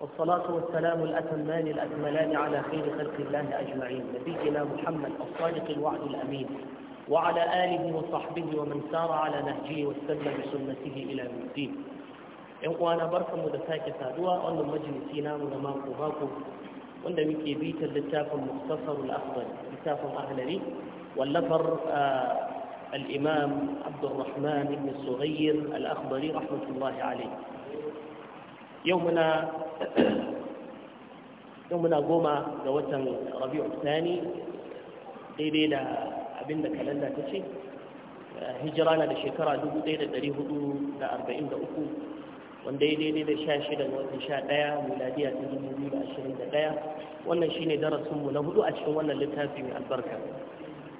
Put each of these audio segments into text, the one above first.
والصلاة والسلام الأتمان الأكملان على خير خلق الله أجمعين نبينا محمد الصادق الوعد الأمين وعلى آله وصحبه ومن سار على نهجه واستنى بسنته إلى المدين إخوانا بركة مدفاكة سادوة أن مجلسينا من ماكو ماكو وأن ميكي بيت اللتاف المختصر الأفضل لتاف الأهلري واللفر آه الإمام عبد الرحمن بن الصغير الأخضري رحمة الله عليه يومنا يومنا قوما جوتا ربيع الثاني قيدي لا أبن لك لن تشي هجرانا لشكرا دوبو دي لدري هدو لا أربعين دوكو وان دي دي دي شاشدا وانتشاء دايا ميلادية دي مبيل عشرين دايا وانا شيني درس منه لو أشهر وانا لتافي من البركة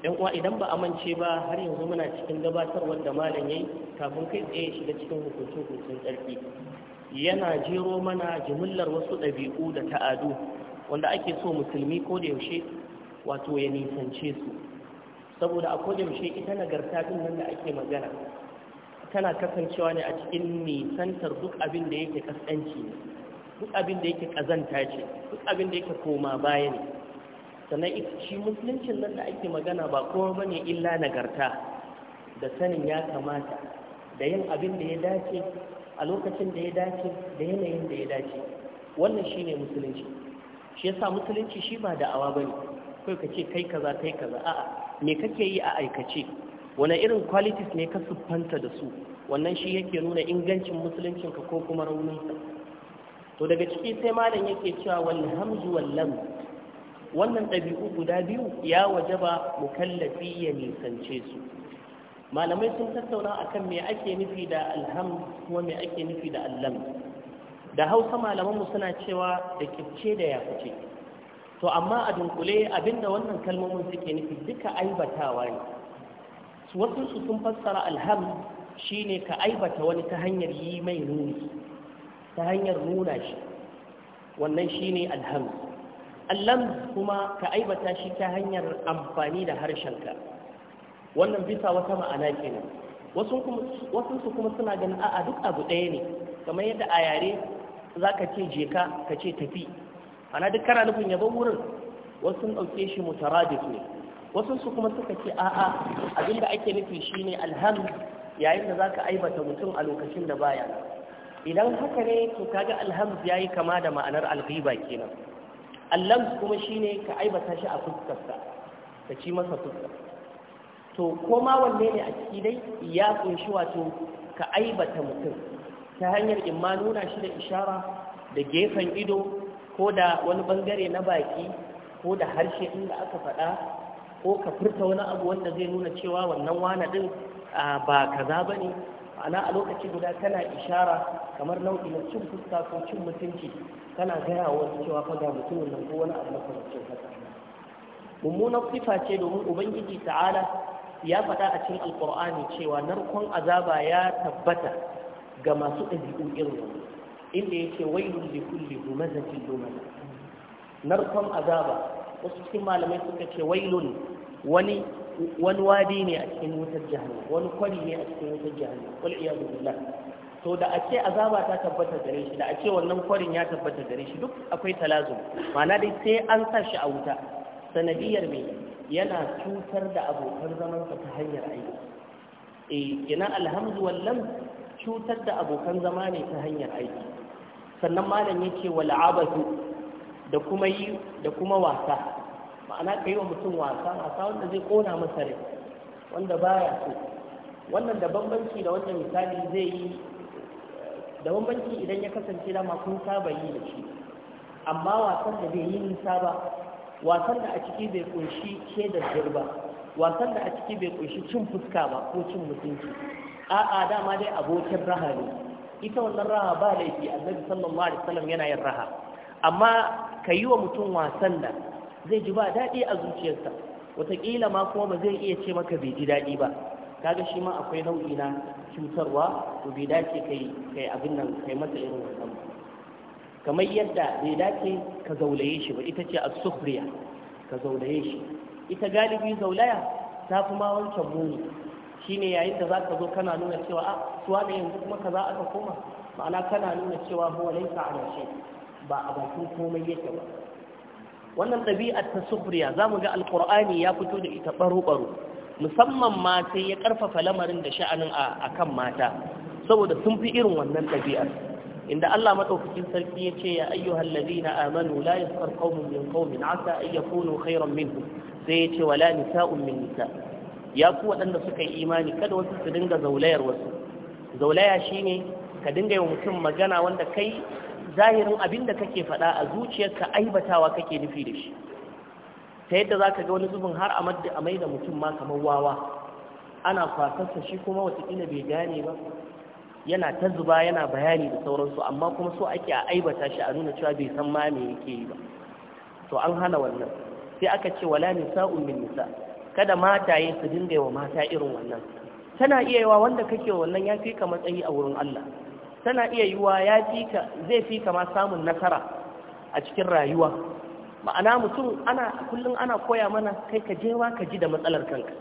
yan uwa idan ba amince ba har yanzu muna cikin gabatar wanda malam yayi kafin kai tsaye shiga cikin hukuncin hukuncin tsarki yana jero mana jimillar wasu ɗabi'u da ta'adu wanda ake so musulmi ko da yaushe wato ya nisance su saboda a koda yaushe ita nagarta din nan da ake magana tana kasancewa ne a cikin nisantar duk abin da yake kaskanci duk abin da yake kazanta ce duk abin da yake koma baya ne sannan shi musuluncin nan da ake magana ba kowa ne illa nagarta da sanin ya kamata da yin abin da ya dace a lokacin da ya dace da yanayin da ya dace wannan shi ne musulunci shi yasa musulunci shi ba da'awa bane kai ka ce kai kaza kai kaza a'a me kake yi a aikace wani irin qualities ne ka siffanta da su wannan shi yake nuna ingancin musuluncinka ko kuma rauninsa to daga ciki sai malam yake cewa wal hamzu wal wannan ɗabi'u guda biyu ya waje ba mukallafi ya nisance su malamai sun tattauna akan me ake nufi da alham kuma me ake nufi da allam da hausa mu suna cewa da kifce da ya fice to amma a dunkule abinda wannan kalmomin suke nufi duka aibatawa ne wasu su sun fassara alham shine ka aibata wani ta hanyar yi mai nuni ta hanyar nuna shi wannan shine alham allam kuma ka aibata shi ta hanyar amfani da harshenka wannan bisa wata ma'ana kenan wasu su kuma suna ganin a'a duk abu ɗaya ne kamar yadda a yare za ka ce je ka ka ce tafi ana duk kana nufin yabon wurin wasu ɗauke shi mutaradif ne wasu su kuma suka ce a'a abinda ake nufi shine alham yayin da za ka aibata mutum a lokacin da baya idan haka ne to kaga alham ya yi kama da ma'anar alghiba kenan allams kuma shine ka aibata shi a fuskarsa ka ci masa fuskar to koma wanne ne a ciki dai ya kunshi wato ka aibata mutum ta hanyar imma nuna shi da ishara da gefen ido ko da wani bangare na baki ko da harshe inda aka faɗa ko ka furta wani abu wanda zai nuna cewa wannan wana din ba kaza bane ma'ana a lokaci guda kana ishara kamar nau'i na cin fuska ko cin mutunci kana gaya wa wani cewa fa ga mutumin nan ko wani abu na kwanancin haka mummunan sifa ce domin ubangiji ta'ala ya faɗa a cikin alƙur'ani cewa narkon azaba ya tabbata ga masu ɗabi'u irin wani inda ya ce wai li kulli humazatin lumaza narkon azaba wasu cikin malamai suka ce wailun wani wani wadi ne a cikin wutar jahannam wani kwari ne a cikin wutar jahannam wal iyadu billah to da a ce azaba ta tabbata gare shi da a ce wannan kwarin ya tabbata gare shi duk akwai talazum ma'ana dai sai an sa shi a wuta sanadiyar me yana cutar da abokan zamansa ta hanyar aiki eh ina alhamdu wallam cutar da abokan zama ne ta hanyar aiki sannan malam yake wal abatu da kuma yi da kuma wasa ma'ana ka yi wa mutum wasa wasa wanda zai kona masa rai wanda baya so wannan da bambanci da wannan misali zai yi da bambanci idan ya kasance da masu saba yi da shi amma wasan da bai yi nisa ba wasan da a ciki bai kunshi shaidar jir wasan da a ciki bai kunshi cin fuska ba ko cin mutunci a'a dama dai abokin raha ne ita wannan raha ba laifi annabi sallallahu alaihi wasallam yana yin raha amma ka yi wa mutum wasan da zai ji ba daɗi a zuciyarsa wataƙila ma kuma ba zai iya ce maka bai ji daɗi ba kaga shi ma akwai nau'i na cutarwa to bai dace kai kai abin nan kai masa irin wannan ba kamar yadda bai dace ka zaulaye shi ba ita ce a sufriya ka zaulaye shi ita galibi zaulaya ta fi ma wancan muni shine yayin da zaka zo kana nuna cewa a ah, suwa da yanzu kuma kaza aka koma ma'ana kana nuna cewa huwa laysa ala ba a bakin komai yake ba wannan ɗabi'ar ta sufuriya za mu ga alƙur'ani ya fito da ita ɓaro-ɓaro musamman ma sai ya ƙarfafa lamarin da sha'anin a kan mata saboda sun fi irin wannan ɗabi'ar inda Allah maɗaukakin sarki ya ce ya ayyuhal na amanu la yaskar qaumun min qaumin asa an yakunu khairan sai ya ce wala nisa'un min nisa ya ku waɗanda suka yi imani kada wasu su dinga zaulayar wasu zaulaya shine ka dinga yi mutum magana wanda kai zahirin abin da kake faɗa a zuciyarka aibatawa kake nufi da shi ta yadda za ka ga wani zubin har a mai da mutum ma kamar wawa ana kwasarsa shi kuma watakila bai gane ba yana ta zuba yana bayani da sauransu amma kuma so ake a aibata shi a nuna cewa bai san ma me yake yi ba to an hana wannan sai aka ce wala nisa'un min nisa kada mataye su dinga wa mata irin wannan tana iya yawa wanda kake wannan ya fi ka matsayi a wurin Allah tana iya yiwa ya fi ka zai fi kama samun nasara a cikin rayuwa ma'ana mutum ana kullum ana koya mana kai ka jewa ka ji da matsalar kanka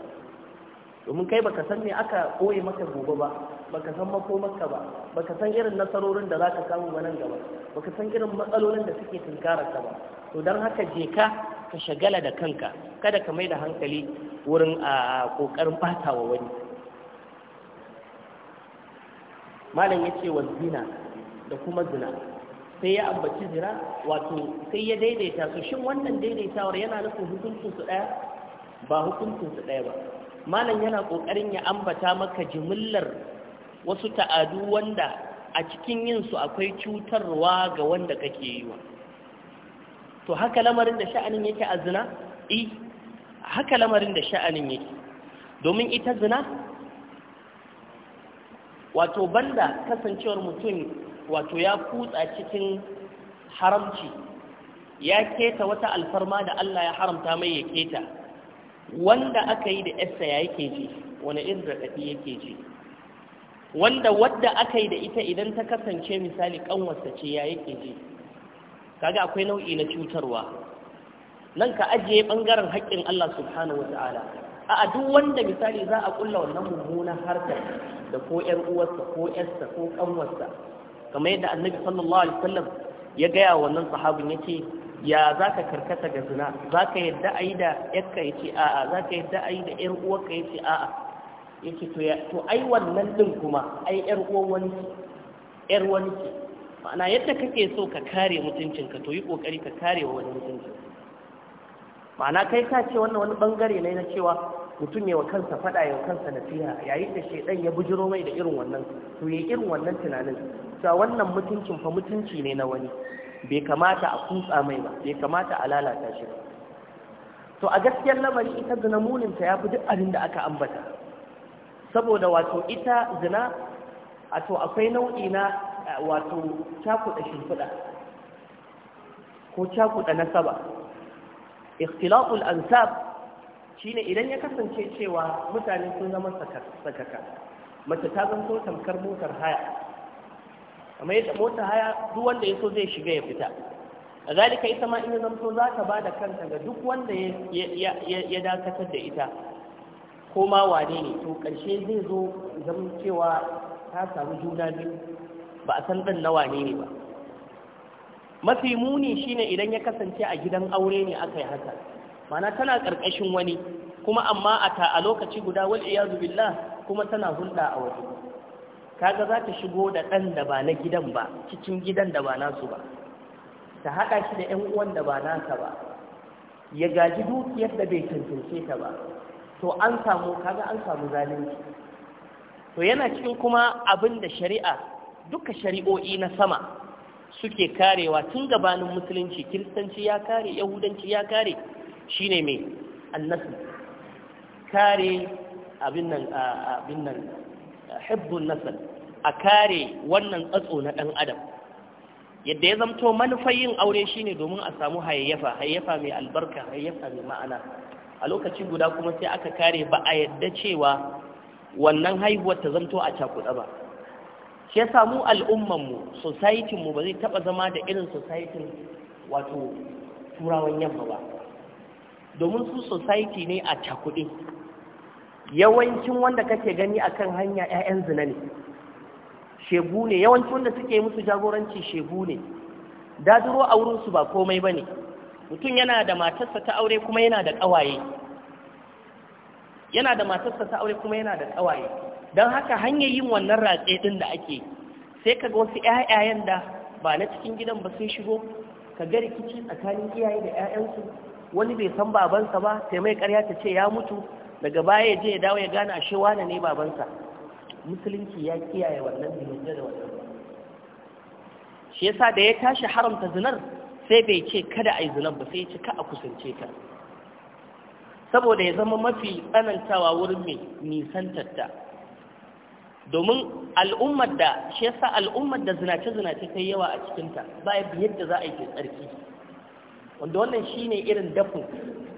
domin kai baka san me aka koye maka gobe ba baka san makomarka ba baka san irin nasarorin da zaka samu ba nan gaba baka san irin matsalolin da suke tunkararka ba to don haka je ka ka shagala da kanka kada ka mai da hankali wurin a kokarin wa wani malam ya ce wa zina da kuma zina sai ya ambaci zina wato sai ya daidaita su shin wannan daidaitawar yana nufin su ɗaya ba su ɗaya ba malam yana ƙoƙarin ya ambata maka jimillar wasu ta'adu wanda a cikin yin yinsu akwai cutarwa ga wanda kake yi wa to haka lamarin da sha'anin yake a zina eh haka lamarin da sha'anin yake domin ita zina wato banda kasancewar mutum wato ya kutsa cikin haramci ya keta wata alfarma da Allah ya haramta mai ya keta wanda aka yi da yarsa ya yake ji wani irin raɗaɗi yake ji wanda wadda aka yi da ita idan ta kasance misali ƙanwarsa ce ya yake ji kaga akwai nau'i na cutarwa nan ka ajiye ɓangaren haƙƙin Allah subhanahu wa ta'ala a duk wanda misali za a kulla wannan mummunan harkar da ko ƴar uwarsa ko ƴarsa ko ƙanwarsa kamar yadda annabi sallallahu alaihi wasallam ya gaya wa wannan sahabin yace ya za ka karkata ga zina za ka yadda a yi da ƴarka ya ce a'a za ka yadda a yi da ƴar uwarka ya ce a'a ya ce to ai wannan ɗin kuma ai ƴar uwar wani ƴar wani ma'ana yadda kake so ka kare mutuncinka to yi ƙoƙari ka kare wa wani mutuncinka ma'ana kai ka ce wannan wani bangare ne na cewa mutum yawa kansa fada yawa kansa na fiya yayin da shaidan ya bujiro mai da irin wannan to ya irin wannan tunanin cewa wannan mutuncin fa mutunci ne na wani bai kamata a kutsa mai ba bai kamata a lalata shi ba to a gaskiyar lamari ita zina muninta ya fi duk abin da aka ambata saboda wato ita zina a to akwai nau'i na wato cakuɗa shimfiɗa ko cakuɗa nasaba ikhtilaful ansab shine idan ya kasance cewa mutane sun zama sakaka mace ta zanto tamkar motar haya amma yadda motar haya duk wanda ya so zai shiga ya fita a zalika ita ma in zanto za ta ba da kanta ga duk wanda ya dakatar da ita ko ma wane ne to ƙarshe zai zo zama cewa ta samu juna biyu ba a san ɗan na wane ne ba mafi muni shine idan ya kasance a gidan aure ne aka yi haka mana tana ƙarƙashin wani kuma amma a ta a lokaci guda wani iyazu billah kuma tana hulɗa a waje kaga za ta shigo da ɗan da ba na gidan ba cikin gidan da ba nasu ba ta haɗa shi da 'yan uwan da ba nasa ba ya gaji dukiyar da bai cancance ta ba to an samu kaga an samu zalunci to yana cikin kuma abin da shari'a duka shari'o'i na sama suke karewa tun gabanin musulunci kiristanci ya kare yahudanci ya kare Shi ne mai annasu kare abin nan hibbun nasar a kare wannan tsatso na ɗan adam yadda ya zamto manufar yin aure ne domin a samu hayayyafa hayayyafa mai albarka hayayyafa mai ma'ana a lokaci guda kuma sai aka kare ba a yadda cewa wannan haihuwar ta zamto a cakuɗa ba shi ya samu al'ummanmu societinmu ba zai taba zama da irin societin wato turawan yamma ba domin su society ne a cakuɗe yawancin wanda kake gani akan hanya 'ya'yan zina ne shegu ne yawancin wanda suke musu jagoranci shegu ne daduro a wurinsu ba komai ba ne mutum yana da matarsa ta aure kuma yana da ƙawaye yana da matarsa ta aure kuma yana da ƙawaye don haka hanyar yin wannan ratse din da ake sai kaga wasu ƴaƴayen da ba na cikin gidan ba sun shigo ka ga rikici tsakanin iyaye da 'ya'yansu, wani bai san babansa ba sai mai ƙarya ta ce ya mutu daga baya ya je ya dawo ya gane ashe wane ne babansa musulunci ya kiyaye wannan bai da wannan shi yasa da ya tashi haramta zinar sai bai ce kada a yi zinar ba sai ya ce ka a kusance ka. saboda ya zama mafi tsanantawa wurin mai tatta. domin al'ummar da shi yasa al'ummar da zinace-zinace kai yawa a cikinta ba yadda za a yi ke tsarki wanda wannan shi ne irin dafin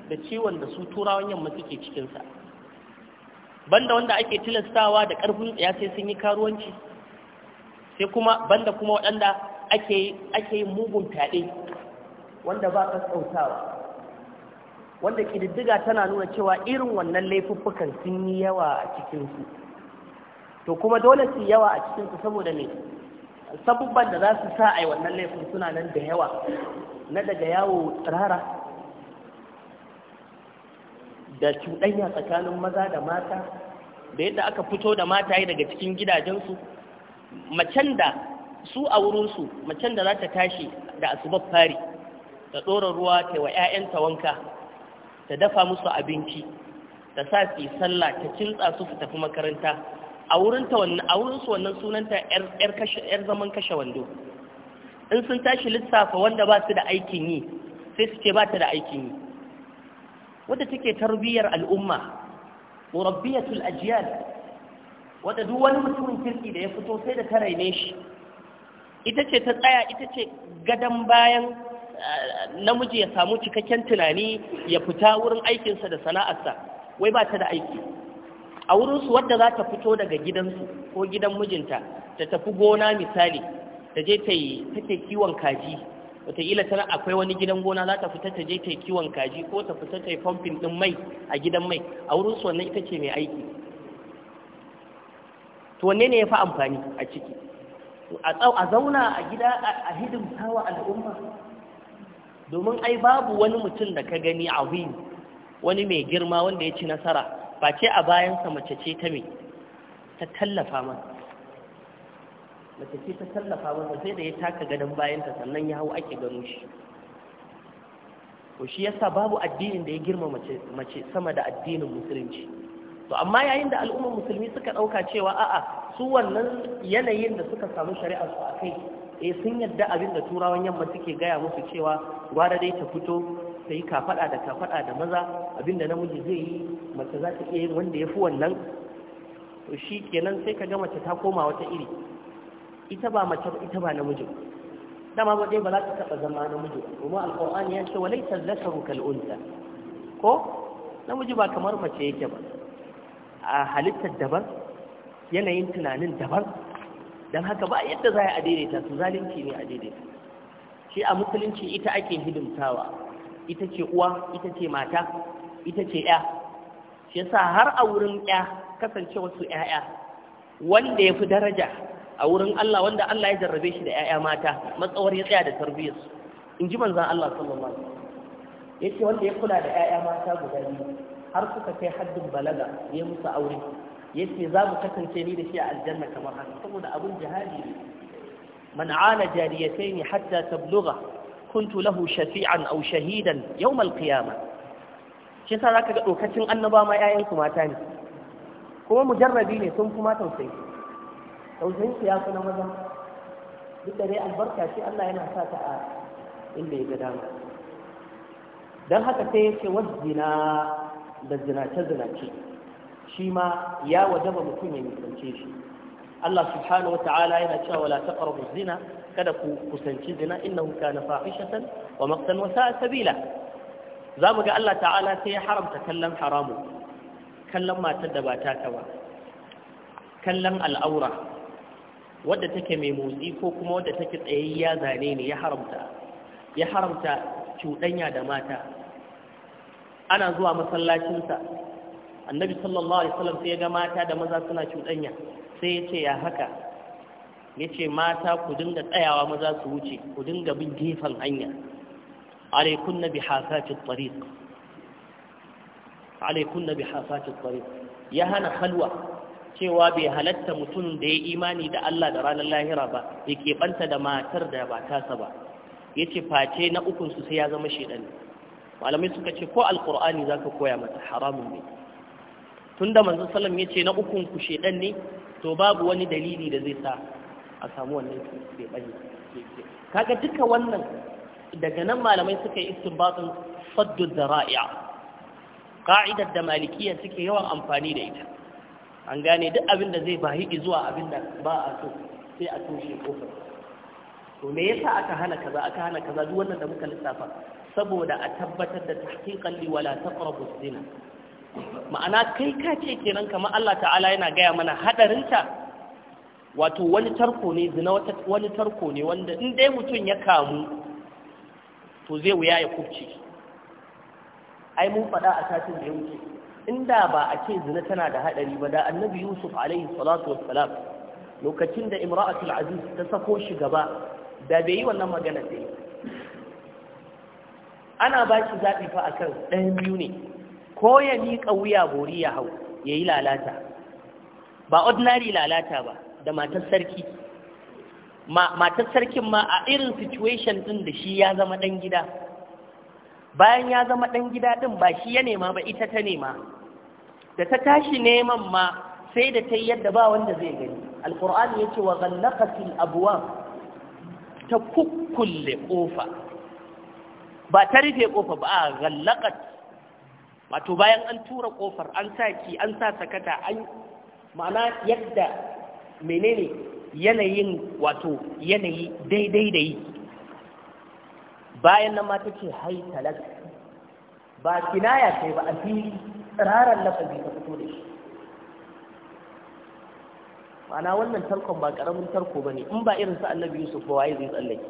da ciwon da su turawan yamma suke cikinsa banda wanda ake tilastawa da ƙarfin tsaya sai sun yi karuwanci sai kuma banda kuma waɗanda ake yin mugun taɗe, wanda ba ka tsautawa wanda ƙididdiga tana nuna cewa irin wannan laifuffukan sun yi yawa a cikinsu to kuma dole su yawa a cikin su saboda me sabubban da za su sa a yi wannan laifin suna nan da yawa na daga yawo tsirara da cuɗanya tsakanin maza da mata da yadda aka fito da mata yi daga cikin gidajensu macen da su a wurinsu macen da za ta tashi da asubar fari ta ɗora ruwa ta wa 'ya'yanta wanka ta dafa musu abinci ta sa su sallah ta kintsa su su tafi makaranta a wurin ta wannan a wurin su wannan sunanta yar yar yar zaman kashe wando in sun tashi lissafa wanda ba su da aikin yi sai su ce ba ta da aikin yi wadda take tarbiyyar al'umma murabbiyatul ajiyal wadda duk wani mutumin kirki da ya fito sai da ta raine shi ita ce ta tsaya ita ce gadon bayan eh, namiji ya samu cikakken tunani ya fita wurin aikinsa da sana'arsa wai ba ta da aiki a wurinsu wadda za ta fito daga gidansu ko gidan mijinta ta tafi gona misali ta je ta yi take kiwon kaji wataƙila tana akwai wani gidan gona za ta fita ta je ta yi kiwon kaji ko ta fita ta yi famfin ɗin mai a gidan mai a wurinsu wannan ita ce mai aiki to wanne ne ya fi amfani a ciki a zauna a gida a hidimta wa al'umma domin ai babu wani mutum da ka gani a wuyi wani mai girma wanda ya ci nasara ba ce a bayansa mace ce ta mai ta tallafa masa mace ce ta tallafa mana, sai da ya taka gadon bayanta sannan ya hau ake gano shi shi yasa babu addinin da ya girma mace sama da addinin musulunci to amma yayin da al'ummar musulmi suka ɗauka cewa a'a su wannan yanayin da suka samu shari'a su kai, eh sun yadda abin da turawan yamma suke gaya musu cewa gwada dai ta fito ta yi kafaɗa da kafaɗa da maza abinda namiji zai yi mace za ta iya yin wanda ya fi wannan to shi kenan sai ka ga mace ta koma wata iri ita ba mace ba ita ba namiji dama ba dai ba za ta taɓa zama namiji kuma alƙur'ani ya ce walai tazakaru kal unsa ko namiji ba kamar mace yake ba a halittar daban yanayin tunanin daban don haka ba yadda za a daidaita su zalunci ne a daidaita shi a musulunci ita ake hidimtawa ita ce uwa ita ce mata ita ce ya shi yasa har a wurin ya kasance wasu ya'ya wanda ya fi daraja a wurin Allah wanda Allah ya jarrabe shi da ya'ya mata matsawar ya tsaya da tarbiyyar in ji manzan Allah sallallahu alaihi wasallam wanda ya kula da ya'ya mata guda biyu har suka kai haddin balaga ya musu aure yace za mu kasance ni da shi a aljanna kamar haka saboda abun jihadi ne man ala jariyatayn hatta tablugha kuntu lahu shafi'an aw shahidan yawm al-qiyamah shi yasa zaka ga dokacin annaba ma ƴaƴan su mata ne kuma mujarrabi ne sun kuma tausayi tausayin ya fi na maza duk da dai albarka shi Allah yana sa ta a inda ya ga dama dan haka sai ya ce wajjina da zinace zinace shi ma ya wajaba mutum ya nisance shi Allah subhanahu wa ta'ala yana cewa wala taqrabu zina kada ku kusanci zina innahu kana fahishatan wa maqtan wa sa'a sabila za mu ga Allah ta'ala sai ya haramta kallon haramu kallon matar da ba ta ba kallon al'aura wadda take mai motsi ko kuma wadda take tsayayya zane ne ya haramta ya haramta cuɗanya da mata ana zuwa masallacinsa annabi sallallahu alaihi wasallam sai ya ga mata da maza suna cuɗanya sai ya ce ya haka ya ce mata ku dinga tsayawa maza su wuce ku dinga bin gefen hanya عليكن بحافات الطريق عليكن بحافات الطريق يا هنا خلوة cewa bai halatta mutum da ya imani da Allah da ranar lahira ba ya keɓanta da matar da ba tasa ba ya ce face na ukunsu sai ya zama shiɗan malamai suka ce ko alkur'ani za ka koya mata haramun ne tun da manzan salam ya ce na ukunku shiɗan ne to babu wani dalili da zai sa a samu wannan kaga duka wannan daga nan malamai suka yi istinbatun saddu zara'i'a ka'idar da malikiya suke yawan amfani da ita an gane duk abin da zai bahi zuwa abin da ba a so sai a toshe kofar to me yasa aka hana kaza aka hana kaza duk wannan da muka lissafa saboda a tabbatar da tahqiqan li wala taqrabu zina ma'ana kai ka ce kenan kamar Allah ta'ala yana gaya mana hadarin ta wato wani tarko ne zina wani tarko ne wanda in dai mutum ya kamu to zai wuya ya kubce ai mun faɗa a satin da ya wuce inda ba a ce zina tana da haɗari ba da annabi yusuf alaihi salatu wassalam lokacin da imra'atul aziz ta sako shi gaba da bai yi wannan magana da ana ba shi zaɓi fa akan ɗayan biyu ne ko ya miƙa wuya bori ya hau ya yi lalata ba ordinary lalata ba da matar sarki matar sarkin ma a irin situation din da shi ya zama ɗan gida bayan ya zama ɗan gida ɗin ba shi ya nema ba ita ta nema da ta tashi neman ma sai da ta yadda ba wanda zai gani alkur'ani ya ce wa ghallaqatil abuwa ta kukkulle kofa ba ta rufe kofa ba a ghallaqat wato bayan an tura kofar an sa an sa sakata an ma'ana yadda menene yanayin wato yanayi daidai da yi bayan nan mata ce haitalar ba kinaya ce ba a fi tsirarar lafazi ta fito da shi ma'ana wannan tarkon ba ƙaramin tarko ba ne in ba irin sa annabi yusuf ba waye zai tsallake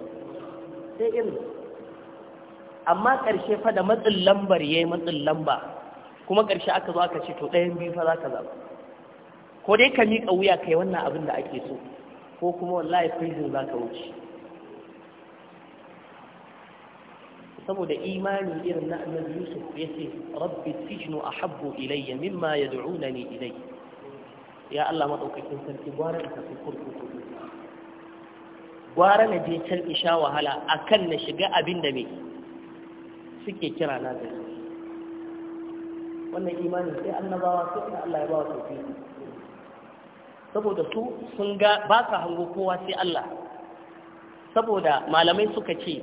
sai irin amma ƙarshe fa da matsin lambar ya yi matsin lamba kuma ƙarshe aka zo aka ce to ɗayan biyu fa za ka zaɓa ko dai ka miƙa wuya ka yi wannan abin da ake so ko kuma wallahi prison za ka wuce saboda imani irin na annabi yusuf ya ce rabbi sijnu ahabbu ilayya mimma yad'unani ilai. ya Allah madaukakin sarki gwara ka tafi kurkuku gwara na je can sha wahala a kan na shiga abin da me suke kira na gari wannan imanin sai annabawa sai Allah ya ba wa tauhidi saboda su sun ga ba sa hango kowa sai Allah saboda malamai suka ce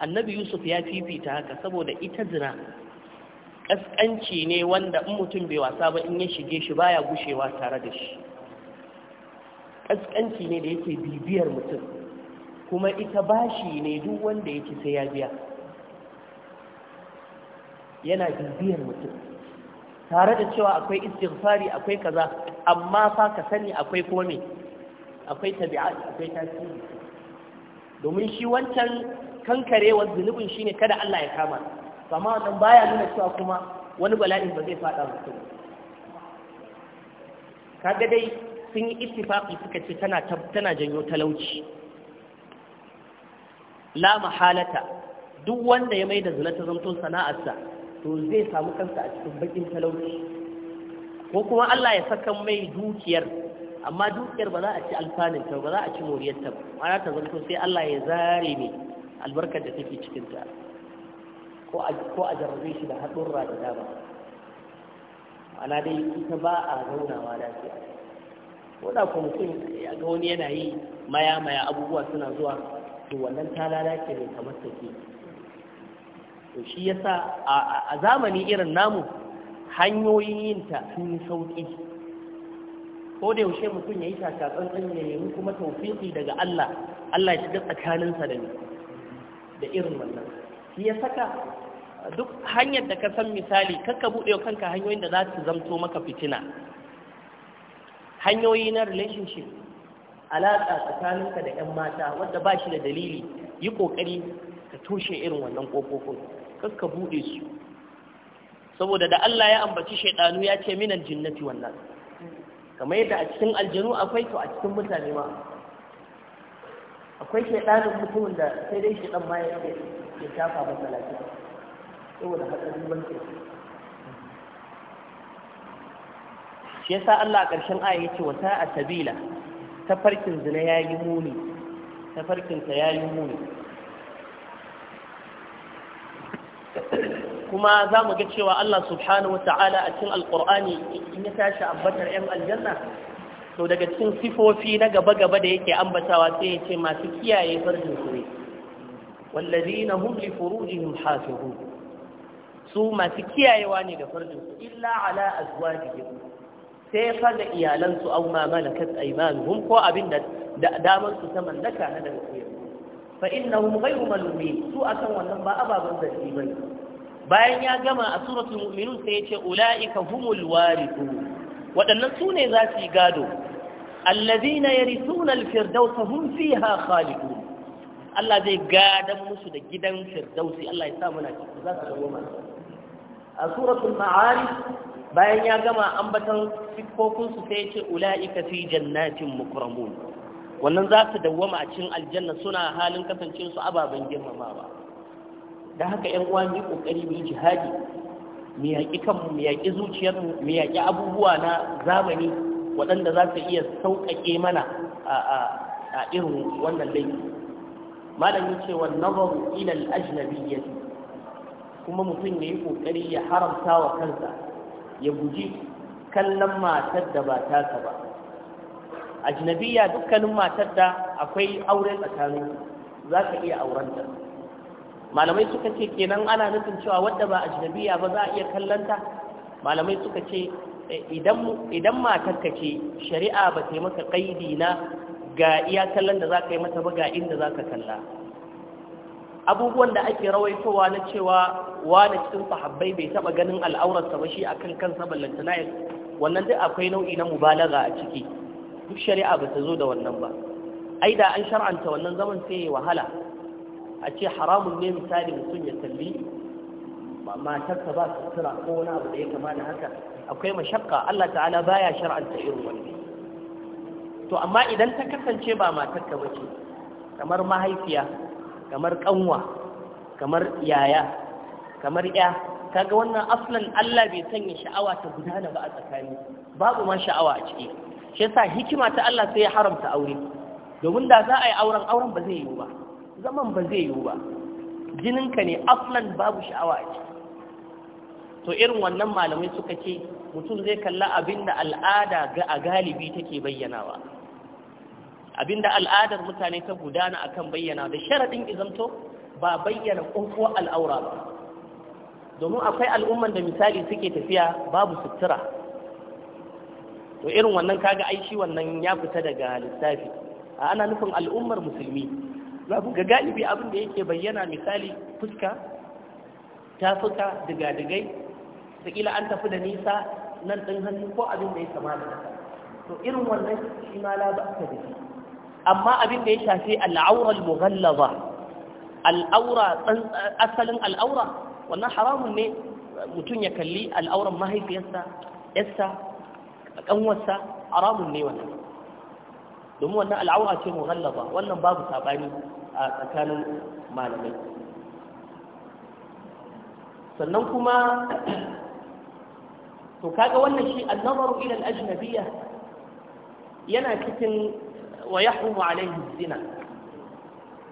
annabi yusuf ya fifita haka saboda ita zina ƙasƙanci ne wanda in mutum bai wasa ba in ya shige shi baya gushewa tare da shi ƙasƙanci ne da yake bibiyar mutum kuma ita bashi ne duk wanda yake sai ya biya yana bibiyar mutum tare da cewa akwai istighfari akwai kaza amma fa ka sani akwai kome akwai tabi'a akwai tasiri domin shi wancan kankarewar zunubin shine kada Allah ya kama amma wannan baya nuna cewa kuma wani bala'in ba zai fada mutum kaga dai sun yi ittifaqi suka ce tana tana janyo talauci la mahalata duk wanda ya mai da zina ta zanto sana'arsa to zai samu kansa a cikin bakin talauci ko kuma Allah ya saka mai dukiyar amma dukiyar ba za a ci alfanin ta ba za a ci moriyar ta ana ta zanto sai Allah ya zare ne albarkar da take cikin ta ko a ko a jarrabe shi da hadurra da dama ana dai ita ba a zaunawa lafiya ko da ko mutum ya ga wani yana yi maya maya abubuwa suna zuwa to wannan talala ce ne kamar take to shi yasa a zamani irin namu hanyoyin yin ta sun yi sauƙi ko da yaushe mutum ya yi shaka tsantsan ya nemi kuma taufiki daga Allah Allah ya shiga tsakaninsa da ni da irin wannan shi ya saka duk hanyar da ka san misali kakka buɗe kanka hanyoyin da za su zamto maka fitina hanyoyi na relationship alaƙa tsakaninka da 'yan mata wadda ba shi da dalili yi ƙoƙari ka tushe irin wannan ƙofofin kaska bude su saboda da Allah ya ambaci shaidanu ya ce minan jinnati wannan kamar yadda a cikin aljanu akwai to a cikin mutane ma akwai shaidanin mutumin da sai dai shaidan ma ya ya shafa masa lafiya saboda hatsarin banki shi yasa Allah a ƙarshen aya yace wa ta'a sabila tafarkin zina yayi muni tafarkin ta yayi muni kuma za mu ga cewa Allah subhanahu wa ta'ala a cikin alƙur'ani in ya tashi ambatar 'yan aljanna to daga cikin sifofi na gaba-gaba da yake ambatawa sai ya ce masu kiyaye farjin su ne wallazina hum li furujihim hafizun su masu kiyayewa ne ga farjin su illa ala azwajihim sai fa da iyalan su aw ma malakat aymanuhum ko abin da damar su ta mallaka na daga kuya fa innahum ghayru malumin su akan wannan ba ababan zargi bane bayan ya gama a suratul mu'minun sai yace ulaika humul warithu waɗannan su ne za su yi gado allazina yarithuna alfirdausa hum fiha khalidun Allah zai gadan musu da gidan firdausi Allah ya sa muna ciki za su dawo mana a suratul ma'arij bayan ya gama ambatan sifofin su sai yace ulaika fi jannatin mukramun wannan za su dawwama a cikin aljanna suna halin kasancewa su ababen girmamawa da haka yan uwa mu ƙoƙari mu yi jihadi mai yaƙi kanmu mai yaƙi zuciyarmu mu yaƙi abubuwa na zamani waɗanda za su iya sauƙaƙe mana a irin wannan laifi malam ya ce wa nazaru ila al-ajnabiyyati kuma mutum ya yi ya haramta wa kansa ya guji kallon matar da ba tasa ba ajnabiyya dukkanin matar da akwai aure tsakanin za ka iya aurenta malamai suka ce kenan ana nufin cewa wadda ba ajnabiya ba za a iya kallanta malamai suka ce eh, idan matarka ce shari'a ba ta yi maka kaidi na ga iya kallon da za ka yi mata ba ga inda za ka kalla abubuwan da ake rawaitowa na cewa wani cikin sahabbai bai taba ganin al'aurarsa ba shi kan kansa ballantana ya wannan duk akwai nau'i na mubalaga a ciki duk shari'a ba ta zo da wannan ba ai da an shar'anta wannan zaman sai ya wahala a ce haramun ne misali mutum ya kalli matarsa ba su tura ko wani abu da ya kama da haka akwai mashakka Allah ta'ala baya shar'anta irin wani to amma idan ta kasance ba matarka ba kamar mahaifiya kamar kanwa kamar yaya kamar ya kaga wannan aslan Allah bai sanya sha'awa ta gudana ba a tsakani babu ma sha'awa a ciki shi yasa hikima ta Allah sai ya haramta aure domin da za a yi auren auren ba zai yi ba zaman ba zai yiwu ba jininka ne aflan babu sha'awa a ciki to irin wannan malamai suka ce mutum zai kalla abinda al'ada ga a galibi take bayyanawa abinda al'adar mutane ta gudana akan bayyana da sharaɗin izamto ba bayyana kokowa al'aura ba domin akwai al'umman da misali suke tafiya babu sutura to irin wannan kaga aishi wannan ya fita daga lissafi ana nufin al'ummar musulmi za ku ga galibi abin da yake bayyana misali fuska ta tafuka digadigai da kila an tafi da nisa nan ɗin hannu ko abin da ya kama da to irin wannan shi ma la ba da shi amma abin da ya shafi al'aura al-mughallaza al'aura asalin al'aura wannan haramun ne mutum ya kalli al'auran mahaifiyarsa yarsa kanwarsa haramun ne wannan domin wannan al'aura ce mughallaza wannan babu sabani a tsakanin malamai sannan kuma to kaga wannan shi annabaru ilal ajnabiya yana cikin wa yahrumu alaihi zina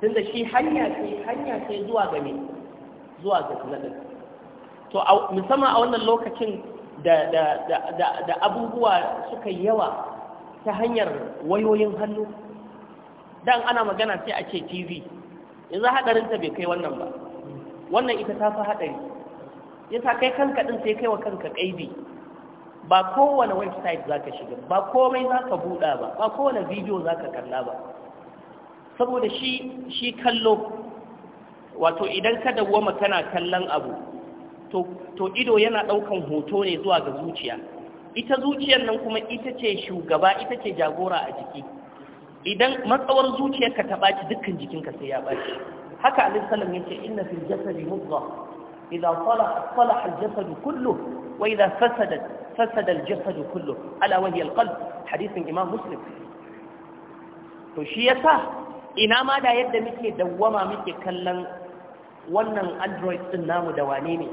tunda shi hanya ce hanya ce zuwa ga me zuwa ga zina to musamman a wannan lokacin da da da da abubuwa suka yawa ta hanyar wayoyin hannu dan ana magana sai a ce tv yanzu hadarinta bai kai wannan ba wannan ita ta fi hadari yasa kai kanka din sai kai wa kanka kaidi ba kowane website za ka shiga ba komai za ka buɗa ba ba kowane video za ka kalla ba saboda shi shi kallo wato idan ka dawwama kana kallon abu to, to ido yana ɗaukan hoto ne zuwa ga zuciya ita zuciyar nan kuma ita ce shugaba ita ce jagora a jiki idan matsawar zuciyarka ta baci dukkan jikinka sai ya baci haka alaihi ya ce inna fil jasadi mudghah idza salaha salaha al jasad kulluh wa idza fasadat fasada al jasad kulluh ala wahi al qalb hadithin imam muslim to shi yasa ina ma da yadda muke dawwama muke kallon wannan android din namu da wane ne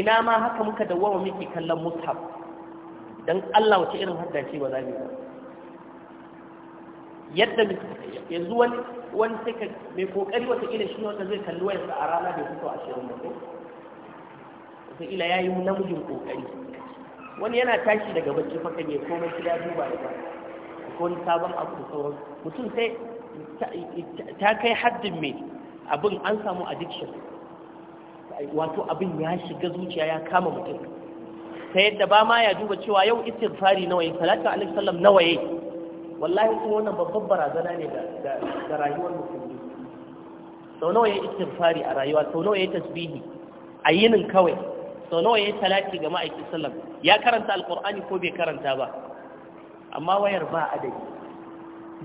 ina ma haka muka dawwama muke kallon mushaf dan Allah wace irin haddace ce ba za mu yi ba yadda yanzu wani wani sai ka mai kokari wata ila shi wata zai kalli wayarsa a rana bai fito ashirin da ko wata ila ya yi namijin kokari wani yana tashi daga bacci fa kan ya komai shi ya duba da ba. ko wani sabon abu da sauran mutum sai ta kai haddin mai abin an samu addiction wato abin ya shiga zuciya ya kama mutum ta yadda ba ma ya duba cewa yau istighfari nawa yi salatu alaihi sallam nawa yi wallahi kuma wannan babban barazana ne da rayuwar musulmi sau nawa ya istighfari a rayuwa sau nawa ya tasbihi a yinin kawai sau nawa ya talaki ga ma'aikin sallam ya karanta alkur'ani ko bai karanta ba amma wayar ba adadi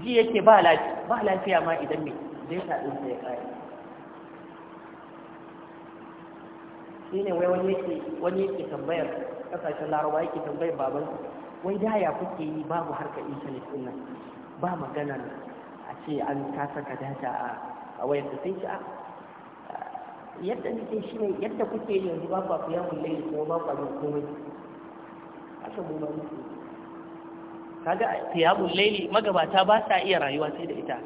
ji yake ba lafiya ba lafiya ma idan me data din sai kai shine wai wani yake wani yake tambayar kasashen larabawa yake tambayar babansa wai daya kuke yi babu harkar intanet din nan ba magana a ce an ka saka data a wayar da sai a ah, yadda nake shi ne yadda kuke yi yanzu babu ku yawon laili kuma babu ku yin komai haka mu ba muke kaga qiyamul layli magabata ba sa iya rayuwa sai da ita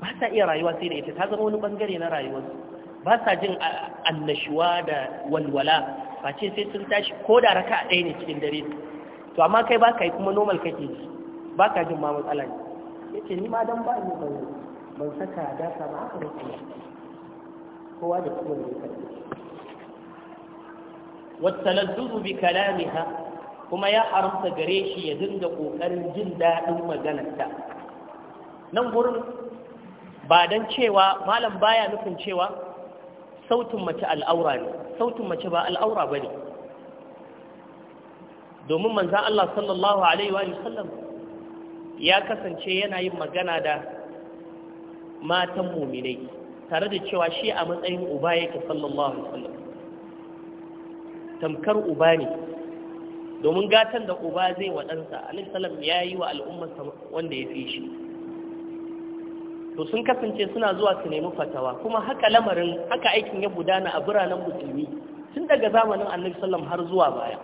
ba sa iya rayuwa sai da ita ta zama wani bangare na rayuwarsu ba sa jin annashuwa da walwala ba ce sai sun tashi ko da raka a ɗaya ne cikin dare to amma kai ba ka yi kuma normal kake ji ba ka jin ma matsala ne ya ce ni ma don ba ni ban ban saka dasa ba aka da kuma kowa da kuma ne karfi wasalazzuzu bi kalamiha kuma ya haramta gare shi ya dinga kokarin jin daɗin maganarta nan gurin ba don cewa malam baya nufin cewa sautin mace al'aura ne sautin mace ba al'aura ba ne domin manzan Allah sallallahu Alaihi wa sallam ya kasance yana yin magana da matan muminai tare da cewa shi a matsayin uba yake sallallahu Alaihi wasallam tamkar uba ne domin gatan da uba zai waɗansa alaihi Sallam ya yi wa al'ummarsa wanda ya fi shi to sun kasance suna zuwa su nemi fatawa kuma haka lamarin haka aikin ya gudana a biranen musulmi tun daga zamanin annabi sallam har zuwa baya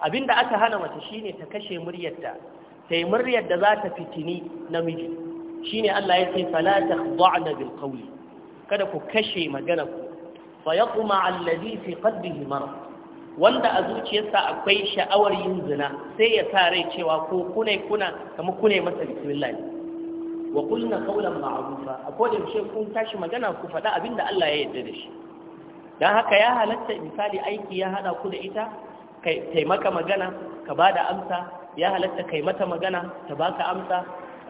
abinda aka hana mace shine ta kashe muryarta ta yi muryar da za ta fitini namiji shine Allah ya ce fala takhda'na bil qawli kada ku kashe magana ku fa yaqma alladhi fi qalbihi marad wanda a zuciyarsa akwai sha'awar yin zina sai ya sa rai cewa ko kuna kuna kuma kune masa bismillah wa kulna qawlan ma'rufa akwai da shi kun tashi magana ku faɗa abinda Allah ya yarda da shi dan haka ya halatta misali aiki ya hada ku da ita kai taimaka magana ka ba da amsa ya halatta kai mata magana ta baka amsa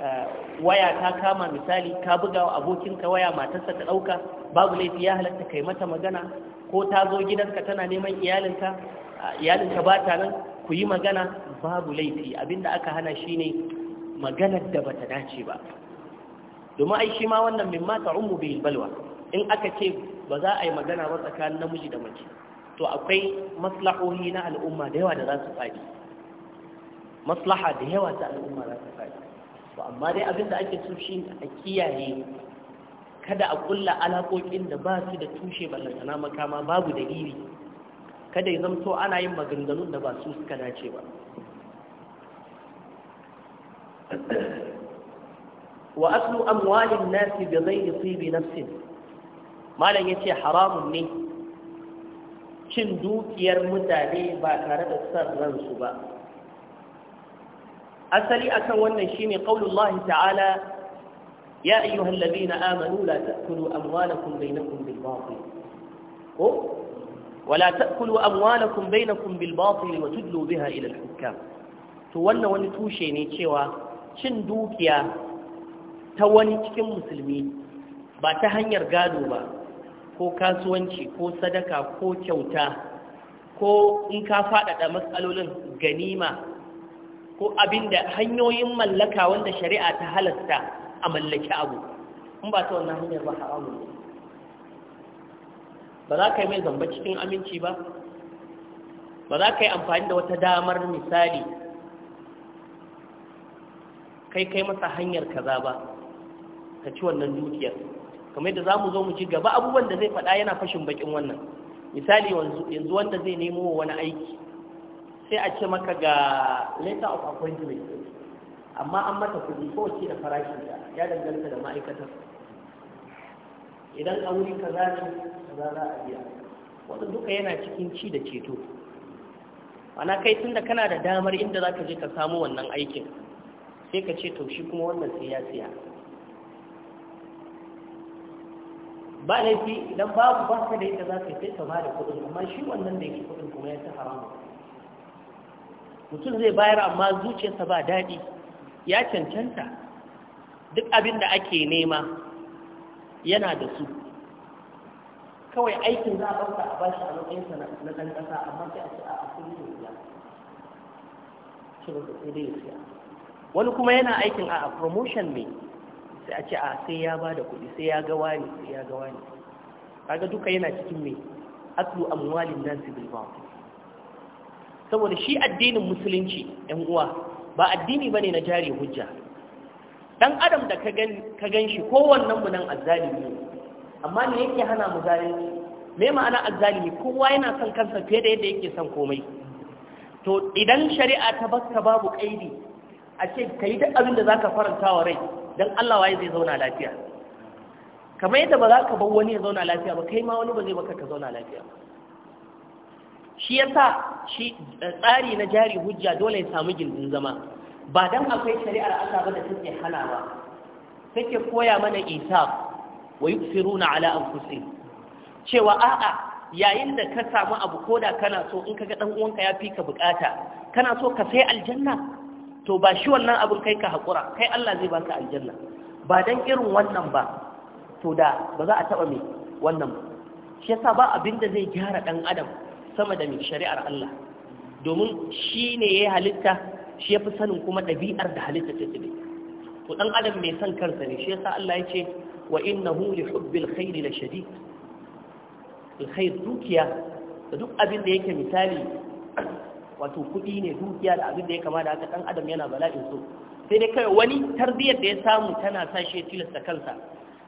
eh, waya ta kama misali ka buga wa abokinka waya matarsa ta ɗauka babu laifi ya halatta kai mata magana ko ta zo gidanka tana neman iyalinka eh, iyalinka ba ta nan ku yi magana babu laifi abinda aka hana shine maganar da bata dace ba domin ai shi ma wannan min mata ummu bil balwa in aka ce ba za a yi magana ba tsakanin namiji da mace to akwai maslahohi na al'umma da yawa da za su faɗi maslaha da yawa ta al'umma za su faɗi to amma dai abin da ake so shi a kiyaye kada a kulla alaƙoƙin da ba su da tushe ballantana makama babu dalili kada ya zamto ana yin maganganun da ba su suka dace ba وأكل أموال الناس بغير طيب نفس ما لن يتي حرام ne cin dukiyar mutane ba tare da san ransu ba asali akan wannan shine qaulullahi ta'ala ya ayyuhalladhina amanu la ta'kulu amwalakum bainakum bil batil ko wala ta'kulu amwalakum bainakum bil batil wa tudlu biha ila al hukam to wannan wani tushe ne cewa cin dukiya ta wani cikin musulmi ba ta hanyar gado ba ko kasuwanci ko sadaka ko kyauta ko in ka faɗaɗa matsalolin ganima ko abinda hanyoyin mallaka wanda shari'a ta halasta a mallaki abu in ba ta wannan hanyar ba haramun ba za ka yi mai zamba cikin aminci ba ba za ka yi amfani da wata damar misali kai kai masa hanyar kaza ba ka ci wannan dukiyar kamar yadda zamu zo mu ci gaba abubuwan da zai faɗa yana fashin bakin wannan misali yanzu wanda zai nemo wani aiki sai a ce maka ga letter of appointment amma an mata kuɗi kowace da farashin ta ya danganta da ma'aikatar idan aure ka za ne ka za a biya wanda duka yana cikin ci da ceto ana kai tun da kana da damar inda za ka je ka samu wannan aikin sai ka ce to shi kuma wannan sai ya siya ba laifi idan babu ba ka da yadda za ka sai ka ba da kuɗin amma shi wannan da yake kuɗin kuma ya ta haramu mutum zai bayar amma zuciyarsa ba daɗi ya cancanta duk abin da ake nema yana da su kawai aikin za a bauta a bashi a matsayinsa na ɗan ƙasa amma sai a ce a asiri da ya ce ba sai dai ya wani kuma yana aikin a promotion ne sai a ce a ah, sai ya ba da kuɗi sai ya gawa ne sai ya gawa ne kaga duka yana cikin mai aslu amwalin nan su bilba saboda shi addinin musulunci ɗan uwa ba addini bane na jari hujja dan adam da ka gan shi kowannen mu nan azzalimi amma me yake hana mu zalunci me ma'ana azzalimi kowa yana son kansa fiye da yadda yake son komai to idan shari'a ta baka babu kaidi a ce kai duk abin da zaka faranta wa rai dan Allah waye zai zauna lafiya kamar yadda ba za ka bar wani ya zauna lafiya ba kai ma wani ba zai baka ka zauna lafiya ba shi yasa shi eh, tsari na jari hujja dole ya samu gindin zama ba dan akwai shari'ar Allah ba da take hana ba take koya mana isaf wa yusiruna ala anfusihim cewa a'a yayin da ka samu abu koda kana so in kaga dan uwanka ya fi ka bukata kana so ka sai aljanna to ba shi wannan abin kai ka haƙura kai Allah zai baka aljanna ba don irin wannan ba to da ba za a taɓa mai wannan ba shi yasa ba abin da zai gyara ɗan adam sama da mai shari'ar Allah domin shi ne ya halitta shi ya fi sanin kuma ɗabi'ar da halitta ta tsibi to ɗan adam mai son kansa ne shi yasa Allah ya ce wa innahu li hubbil khairi la shadid alkhair dukiya da duk abin da yake misali wato kuɗi ne dukiya da abin da ya kama da haka ɗan adam yana bala'in so sai dai kai wani tarbiyyar da ya samu tana sa shi tilasta kansa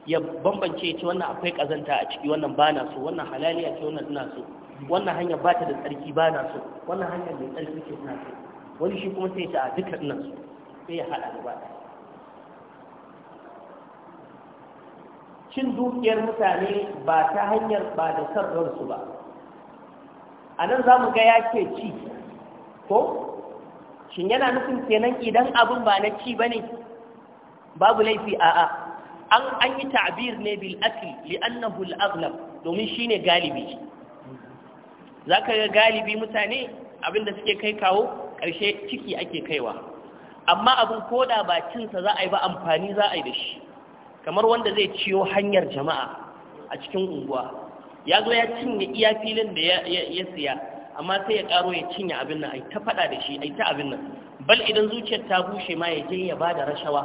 ya bambance ya ce wannan akwai ƙazanta a ciki wannan ba na so wannan halali a ce wannan ina so wannan hanya ba ta da tsarki ba na so wannan hanya mai tsarki ce ina so wani shi kuma sai ya ce a duka ina so sai ya haɗa gaba cin dukiyar mutane ba ta hanyar ba da son ransu ba a nan za mu ga ya ke ci ko shin yana nufin kenan idan abin ba na ci bane babu laifi a'a an an yi ta'bir ne bil akli li'annahu al-aghlab domin shine galibi zaka ga galibi mutane abin da suke kai kawo karshe ciki ake kaiwa amma abin koda ba cin sa za a yi ba amfani za a yi da shi kamar wanda zai ciyo hanyar jama'a a cikin unguwa ya zo ya cinye iya filin da ya siya amma sai ya karo ya cinye abin nan ai ta fada da shi ai ta abin nan bal idan zuciyar ta bushe ma ya je ya bada rashawa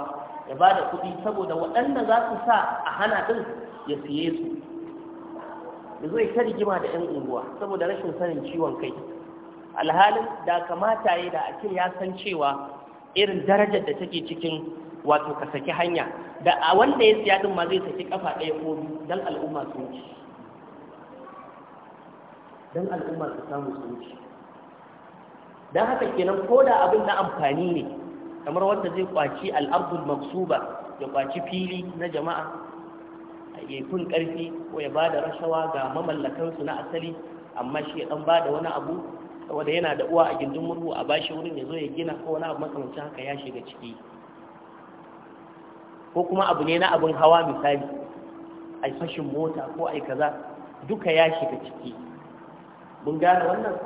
ya bada kuɗi saboda waɗanda za su sa a hana din ya siye su Da zai ya ta rigima da 'yan unguwa saboda rashin sanin ciwon kai alhalin da kamata ya da akil ya san cewa irin darajar da take cikin wato ka saki hanya da a wanda ya siya din ma zai saki kafa ɗaya ko dan don al'umma su wuce don al'umma su samu sunci don haka kenan ko da abin na amfani ne kamar wanda zai kwaci al'abdul maksuba ya kwaci fili na jama'a ya kun karfi ko ya ba da rashawa ga mamallakansu na asali amma shi ya dan ba da wani abu wanda yana da uwa a gindin murhu a bashi wurin ya zo ya gina ko wani abu makamancin haka ya shiga ciki ko kuma abu ne na abin hawa misali a fashin mota ko yi kaza duka ya shiga ciki mun gane wannan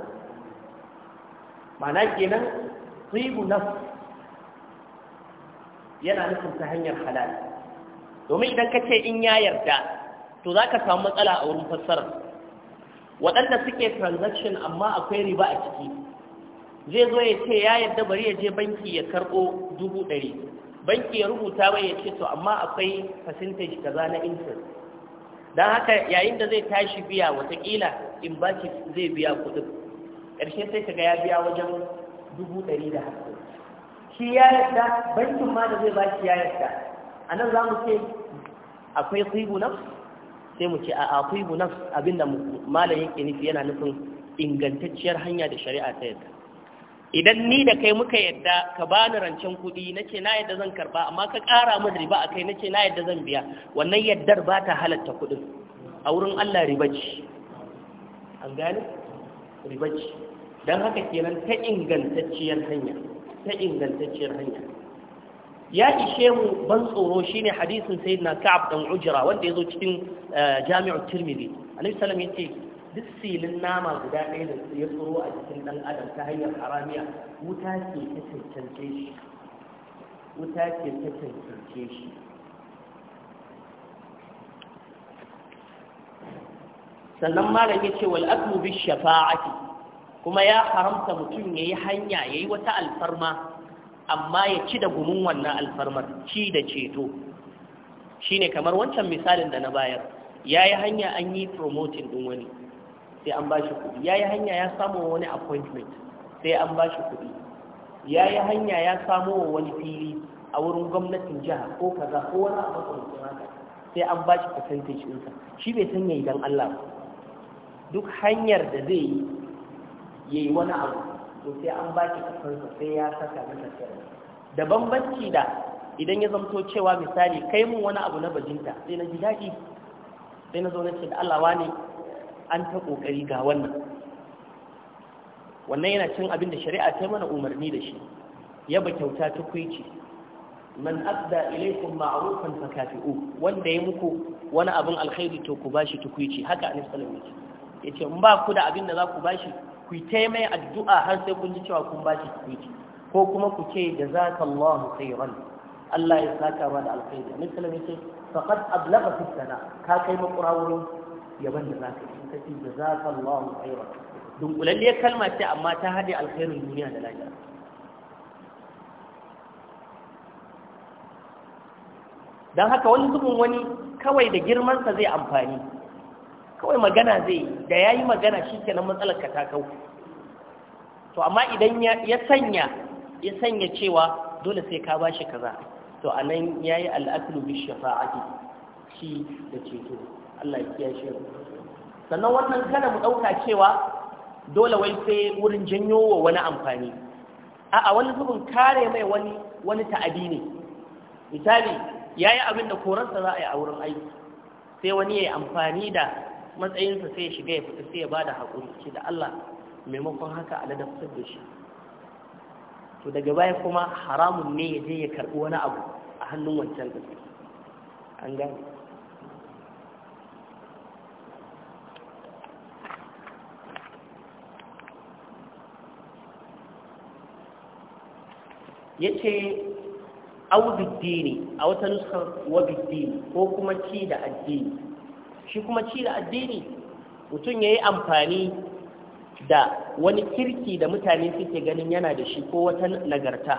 ma'ana kenan tsibu na yana nufin ta hanyar halal domin idan ka ce in ya yarda to za ka samu matsala a wurin fassarar waɗanda suke transaction amma akwai riba a ciki zai zo ya ce ya yarda bari ya je banki ya karɓo dubu ɗari banki ya rubuta bai ya ce to amma akwai percentage kaza na interest don haka yayin da zai tashi biya watakila in ba ki zai biya kudin ƙarshe sai ka ga ya biya wajen dubu ɗari da hamsin shi ya yarda bankin ma da zai ba shi ya yarda a nan za mu ce akwai tsibu nafs sai mu ce a akwai bu abinda malam yake nufi yana nufin ingantacciyar hanya da shari'a ta yarda idan ni da kai muka yadda ka bani rancen kuɗi na ce na yadda zan karba amma ka ƙara min riba a kai na ce na yadda zan biya wannan yaddar ba ta halatta kuɗin a wurin Allah riba ce an gane riba ce don haka kenan ta ingantacciyar hanya ta ingantacciyar hanya ya ishe mu ban tsoro shine hadisin sayyidina Ka'ab dan Ujra wanda ya zo cikin eh, jami'ut Tirmidhi Annabi sallallahu alaihi wasallam yace duk silin nama guda ɗaya da ya tsoro a jikin ɗan adam ta hanyar haramiya wuta ce ta cancance shi wuta ce ta cancance shi sannan malam ya ce wal bi shafa'ati kuma ya haramta mutum yayi hanya yayi wata alfarma amma ya ci da gumin wannan alfarmar ci da ceto shine kamar wancan misalin da na bayar yayi hanya an yi promoting ɗin wani sai an bashi kuɗi yayi hanya ya samu wani appointment sai an bashi kuɗi yayi hanya ya samu wani fili a wurin gwamnatin jiha ko kaza ko wani abu makamancin haka sai an bashi percentage ɗinsa shi bai san yayi dan Allah duk hanyar da zai yi yayi wani abu to sai an bashi kasansa sai ya saka masa sirri da bambanci da idan ya zamto cewa misali kai mun wani abu na bajinta sai na ji daɗi sai na zo na ce da Allah wani an ta ƙoƙari ga wannan wannan yana cin abin da shari'a ta mana umarni da shi yaba kyauta ta kwaici man asda ilaikum ma'rufan fakafi'u wanda ya muku wani abin alkhairi to ku bashi tukwici haka annabi sallallahu alaihi Ya ce in ba ku da abin da za ku bashi ku yi ta mai addu'a har sai kun ji cewa kun bashi tukwici ko kuma ku ce jazakallahu khairan Allah ya saka ma da alkhairi annabi sallallahu alaihi yace faqad ablaqa fi ka kai makura wurin yaban da za ka yi da kace jazakallahu khairan dunkulalliyar kalma ce amma ta haɗe alkhairin duniya da lafiya don haka wani zubin wani kawai da girmansa zai amfani kawai magana zai da ya yi magana shi ke nan matsalar ka to amma idan ya sanya ya sanya cewa dole sai ka bashi kaza to anan yayi al'aqlu bi shafa'ati shi da ceto Allah ya kiyaye sannan wannan kada mu ɗauka cewa dole wai sai wurin janyo wa wani amfani a wani zubin kare mai wani wani ne misali ya yi abin da koransa za a yi a wurin aiki sai wani ya yi amfani da matsayinsa sai ya shiga ya fita sai ya ba da haƙuri ce da Allah maimakon haka a ladabtar da shi to daga baya kuma haramun ne ya je ya karɓi wani abu a hannun wancan gaske an gane yace au biddini a wata nuskar wa ko kuma ci da addini shi kuma ci da addini mutum ya yi amfani da wani kirki da mutane suke ganin yana da shi ko wata nagarta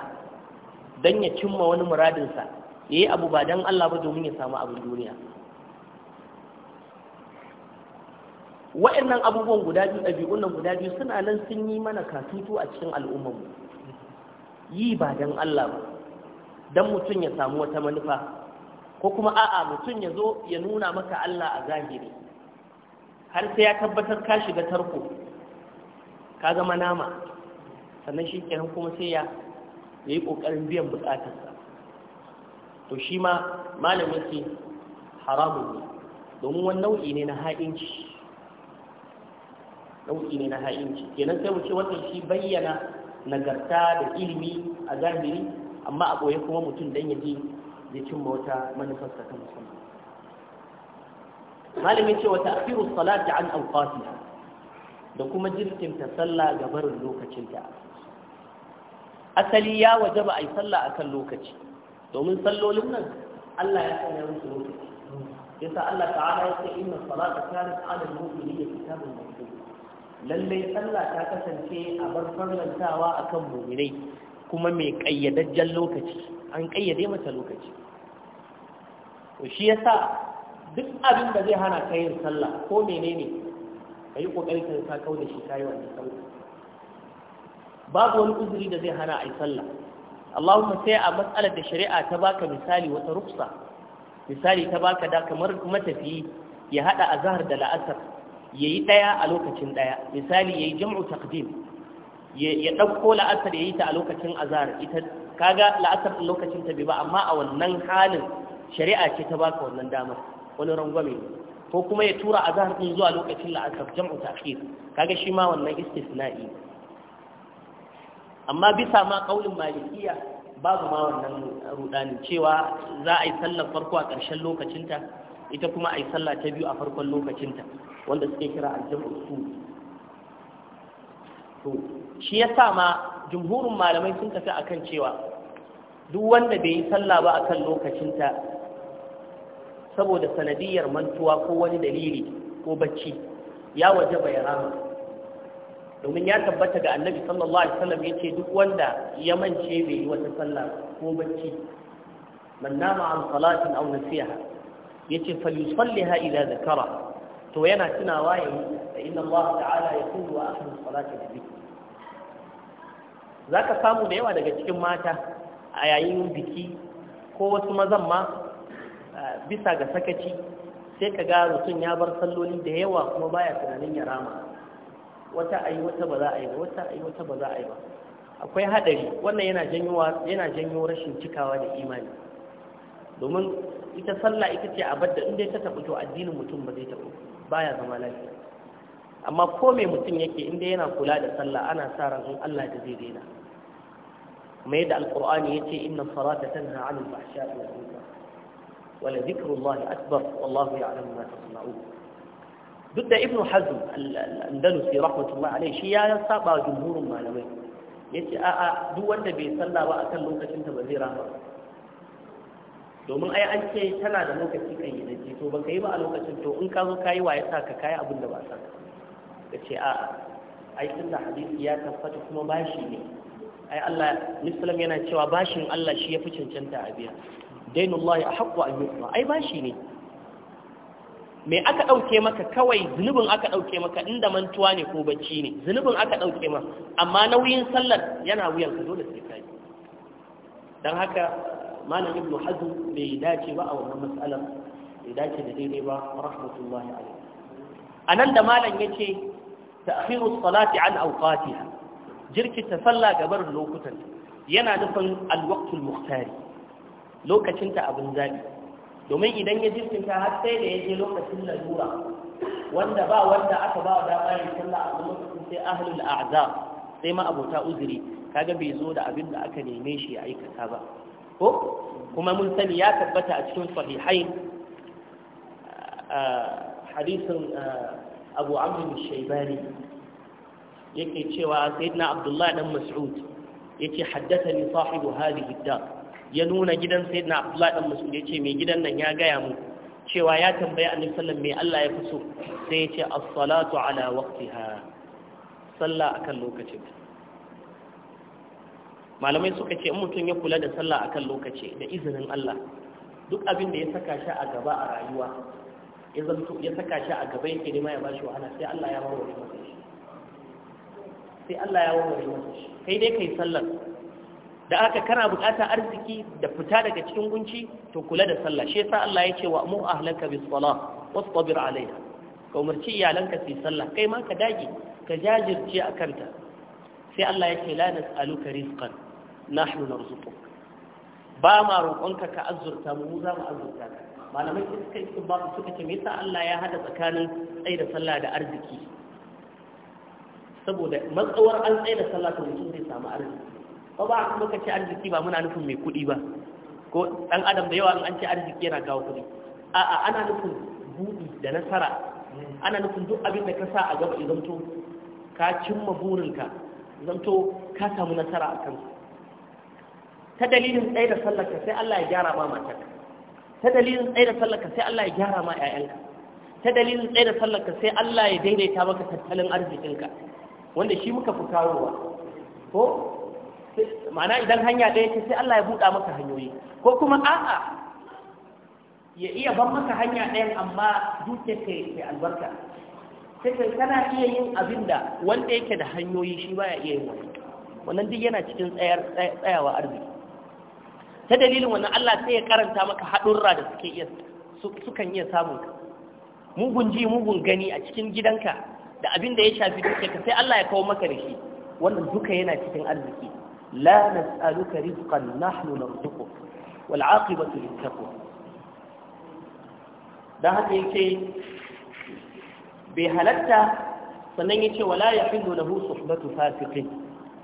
don ya cimma wani muradinsa ya yi abu ba don Allah ba domin ya samu abin duniya wa'annan abubuwan guda biyu ɗabi'un nan guda biyu suna nan sun yi mana katutu a cikin al'ummarmu yi ba don Allah ba don mutum ya samu wata manufa ko kuma a'a mutum ya zo ya nuna maka Allah a zahiri har sai ya tabbatar ka shiga tarko ka zama nama sannan shi kenan kuma sai ya yi ƙoƙarin biyan buƙatarsa to shi ma malam yake haramun ne domin wani nau'i ne na ha'inci nau'i ne na ha'inci kenan sai mu ce shi bayyana nagarta da ilimi a zahiri amma a ɓoye kuma mutum don dan yaje ya cimma wata manufarsa ta musamman malamin cewa ta'khiru salati an awqatiha da kuma jirkinta sallah ga barin lokacinta asali ya waje ba wajaba ai sallah kan lokaci domin sallolin nan Allah ya sanya musu lokaci yasa Allah ta'ala ya ce inna salata da kanat 'ala al da kitaban lallai sallah ta kasance a bar farlantawa kan mu'minai kuma mai kayyadajjen lokaci an kayyade mata lokaci to shi sa duk abin da zai hana ka yin sallah ko menene ka yi kokari ka sa kau da shi kayi wannan sallah babu wani uzuri da zai hana a yi sallah Allahumma sai a matsalar da shari'a ta baka misali wata ruksa misali ta baka da kamar matafiyi ya hada azhar da la'asar yayi ɗaya a lokacin ɗaya misali yayi jam'u taqdim ya ɗauko la'asar ya yi ta a lokacin azhar ita kaga la'asar ɗin lokacin ta bai ba amma a wannan halin shari'a ce ta baka wannan damar wani rangwame ko kuma ya tura azhar ɗin zuwa lokacin la'asar jam'u ta'khir kaga shi ma wannan istisna'i amma bisa ma kaulin malikiya babu ma wannan rudanin cewa za a yi sallar farko a ƙarshen lokacinta ita kuma yi sallah ta biyu a farkon lokacinta wanda suke kira aljam'u su to shi yasa ma jumhurin malamai sun tafi akan cewa duk wanda bai yi sallah ba akan lokacinta saboda sanadiyar mantuwa ko wani dalili ko bacci ya waje bai rama domin ya tabbata ga annabi sallallahu alaihi wasallam yace duk wanda ya mance bai yi wata sallah ko bacci man nama an salatin aw nasiha yace falyusalliha da zakara to yana tunawa yayi da inna Allah ta'ala yaqulu wa aqimu da li Za zaka samu da yawa daga cikin mata a yayin biki ko wasu mazan ma bisa ga sakaci sai ka ga mutum ya bar salloli da yawa kuma baya tunanin ya rama wata ayi wata ba za a yi ba wata ayi wata ba za a yi ba akwai hadari wannan yana janyo rashin cikawa da imani domin ita sallah ita ce abar da inda ya tafi to addinin mutum ba zai tafi baya zama lafiya amma ko mai mutum yake inda yana kula da sallah ana sa ran in Allah da zai daina mai da alqur'ani yace inna salata tanha 'anil fahsha'i wal munkar zikirun la dhikrullahi akbar wallahu ya'lamu ma tasna'un duk da ibnu hazm al-andalusi rahmatullahi alayhi shi ya saba jumhurin malamai ya ce a'a duk wanda bai sallah ba akan lokacin ta ba zai rahama domin ai an ce tana da lokaci kan yi naji to baka yi ba a lokacin to in ka zo ka yi waye sa ka kayi abin da ba sa ka ce a ai tunda hadisi ya tabbata kuma bashi ne ai Allah Muslim yana cewa bashin Allah shi yafi cancanta a biya dainullahi ahqqu an yuqda ai bashi ne me aka dauke maka kawai zunubin aka dauke maka inda mantuwa ne ko bacci ne zunubin aka dauke ma amma nauyin sallar yana wuyan ka dole sai yi. dan haka malam ibnu hazm bai dace ba a wannan mas'alar bai dace da daidai ba rahmatullahi alaihi anan da malam yace ta'khiru salati an awqatiha jirkita sallah gabar lokutan yana nufin alwaqtul muhtari lokacin ta abin zabi domin idan ya jirkinta har sai da ya je lokacin lalura wanda ba wanda aka ba da bayan sallah a lokacin sai ahlul a'za sai ma abota uzuri kaga bai zo da abin da aka neme shi ya aikata ba ko kuma mun sani ya tabbata a cikin sahihai hadisin abu amrin shaibani yake cewa sayyidina abdullahi dan mas'ud yace haddathani sahibu hadhihi dar ya nuna gidan sayyidina abdullahi dan mas'ud yace mai gidan nan ya gaya mu cewa ya tambaye annabi sallallahu alaihi wasallam me Allah ya fi so sai yace as-salatu ala waqtiha sallah akan lokacin malamai suka ce in mutum ya kula da sallah akan lokaci da izinin Allah duk abin da ya saka shi a gaba a rayuwa ya zamto ya saka shi a gaba yake ma ya bashi wahala sai Allah ya warware masa shi sai Allah ya warware masa shi kai dai kai sallar da aka kana bukata arziki da fita daga cikin gunci to kula da sallah shi yasa Allah ya ce wa mu ahlaka bis salah wasbir alaiha ka umarci iyalanka su yi sallah kai ma ka dage ka jajirce a kanta sai Allah ya ce la nas'aluka rizqan nahnu narzuqu ba ma roƙonka ka azurta mu za mu azurta Malamai malamai suka yi ba su kace me yasa Allah ya hada tsakanin tsaye da sallah da arziki saboda matsawar an tsaye da sallah to mutum zai samu arziki ba ba kuma ka arziki ba muna nufin mai kuɗi ba ko ɗan adam da yawa an ce arziki yana kawo kuɗi a'a ana nufin buɗi da nasara ana nufin duk abin da ka sa a gaba idan to ka cimma burinka zanto ka samu nasara a kansu ta dalilin tsaye da sallarka sai Allah ya gyara ma matarka ta dalilin tsaye da sallarka sai Allah ya gyara ma ƴaƴanka ta dalilin tsaye da sallarka sai Allah ya daidaita maka tattalin arzikinka wanda shi muka fi kawowa ko ma'ana idan hanya ɗaya ce sai Allah ya buɗa maka hanyoyi ko kuma a'a ya iya ban maka hanya ɗaya amma dukiyar ka yi albarka sai kai kana iya yin abin da wanda yake da hanyoyi shi baya iya yin wani wannan duk yana cikin tsayawa arziki ta dalilin wannan Allah sai ya karanta maka haɗurra da suke iya sukan iya samun ka mugun ji mugun gani a cikin gidanka da abin da ya shafi duka ka sai Allah ya kawo maka da shi wannan duka yana cikin arziki la nas'aluka rizqan nahnu narzuquk wal aqibatu littaqwa dan haka yake bai halatta sannan yace wala yahillu lahu suhbatu fasiqin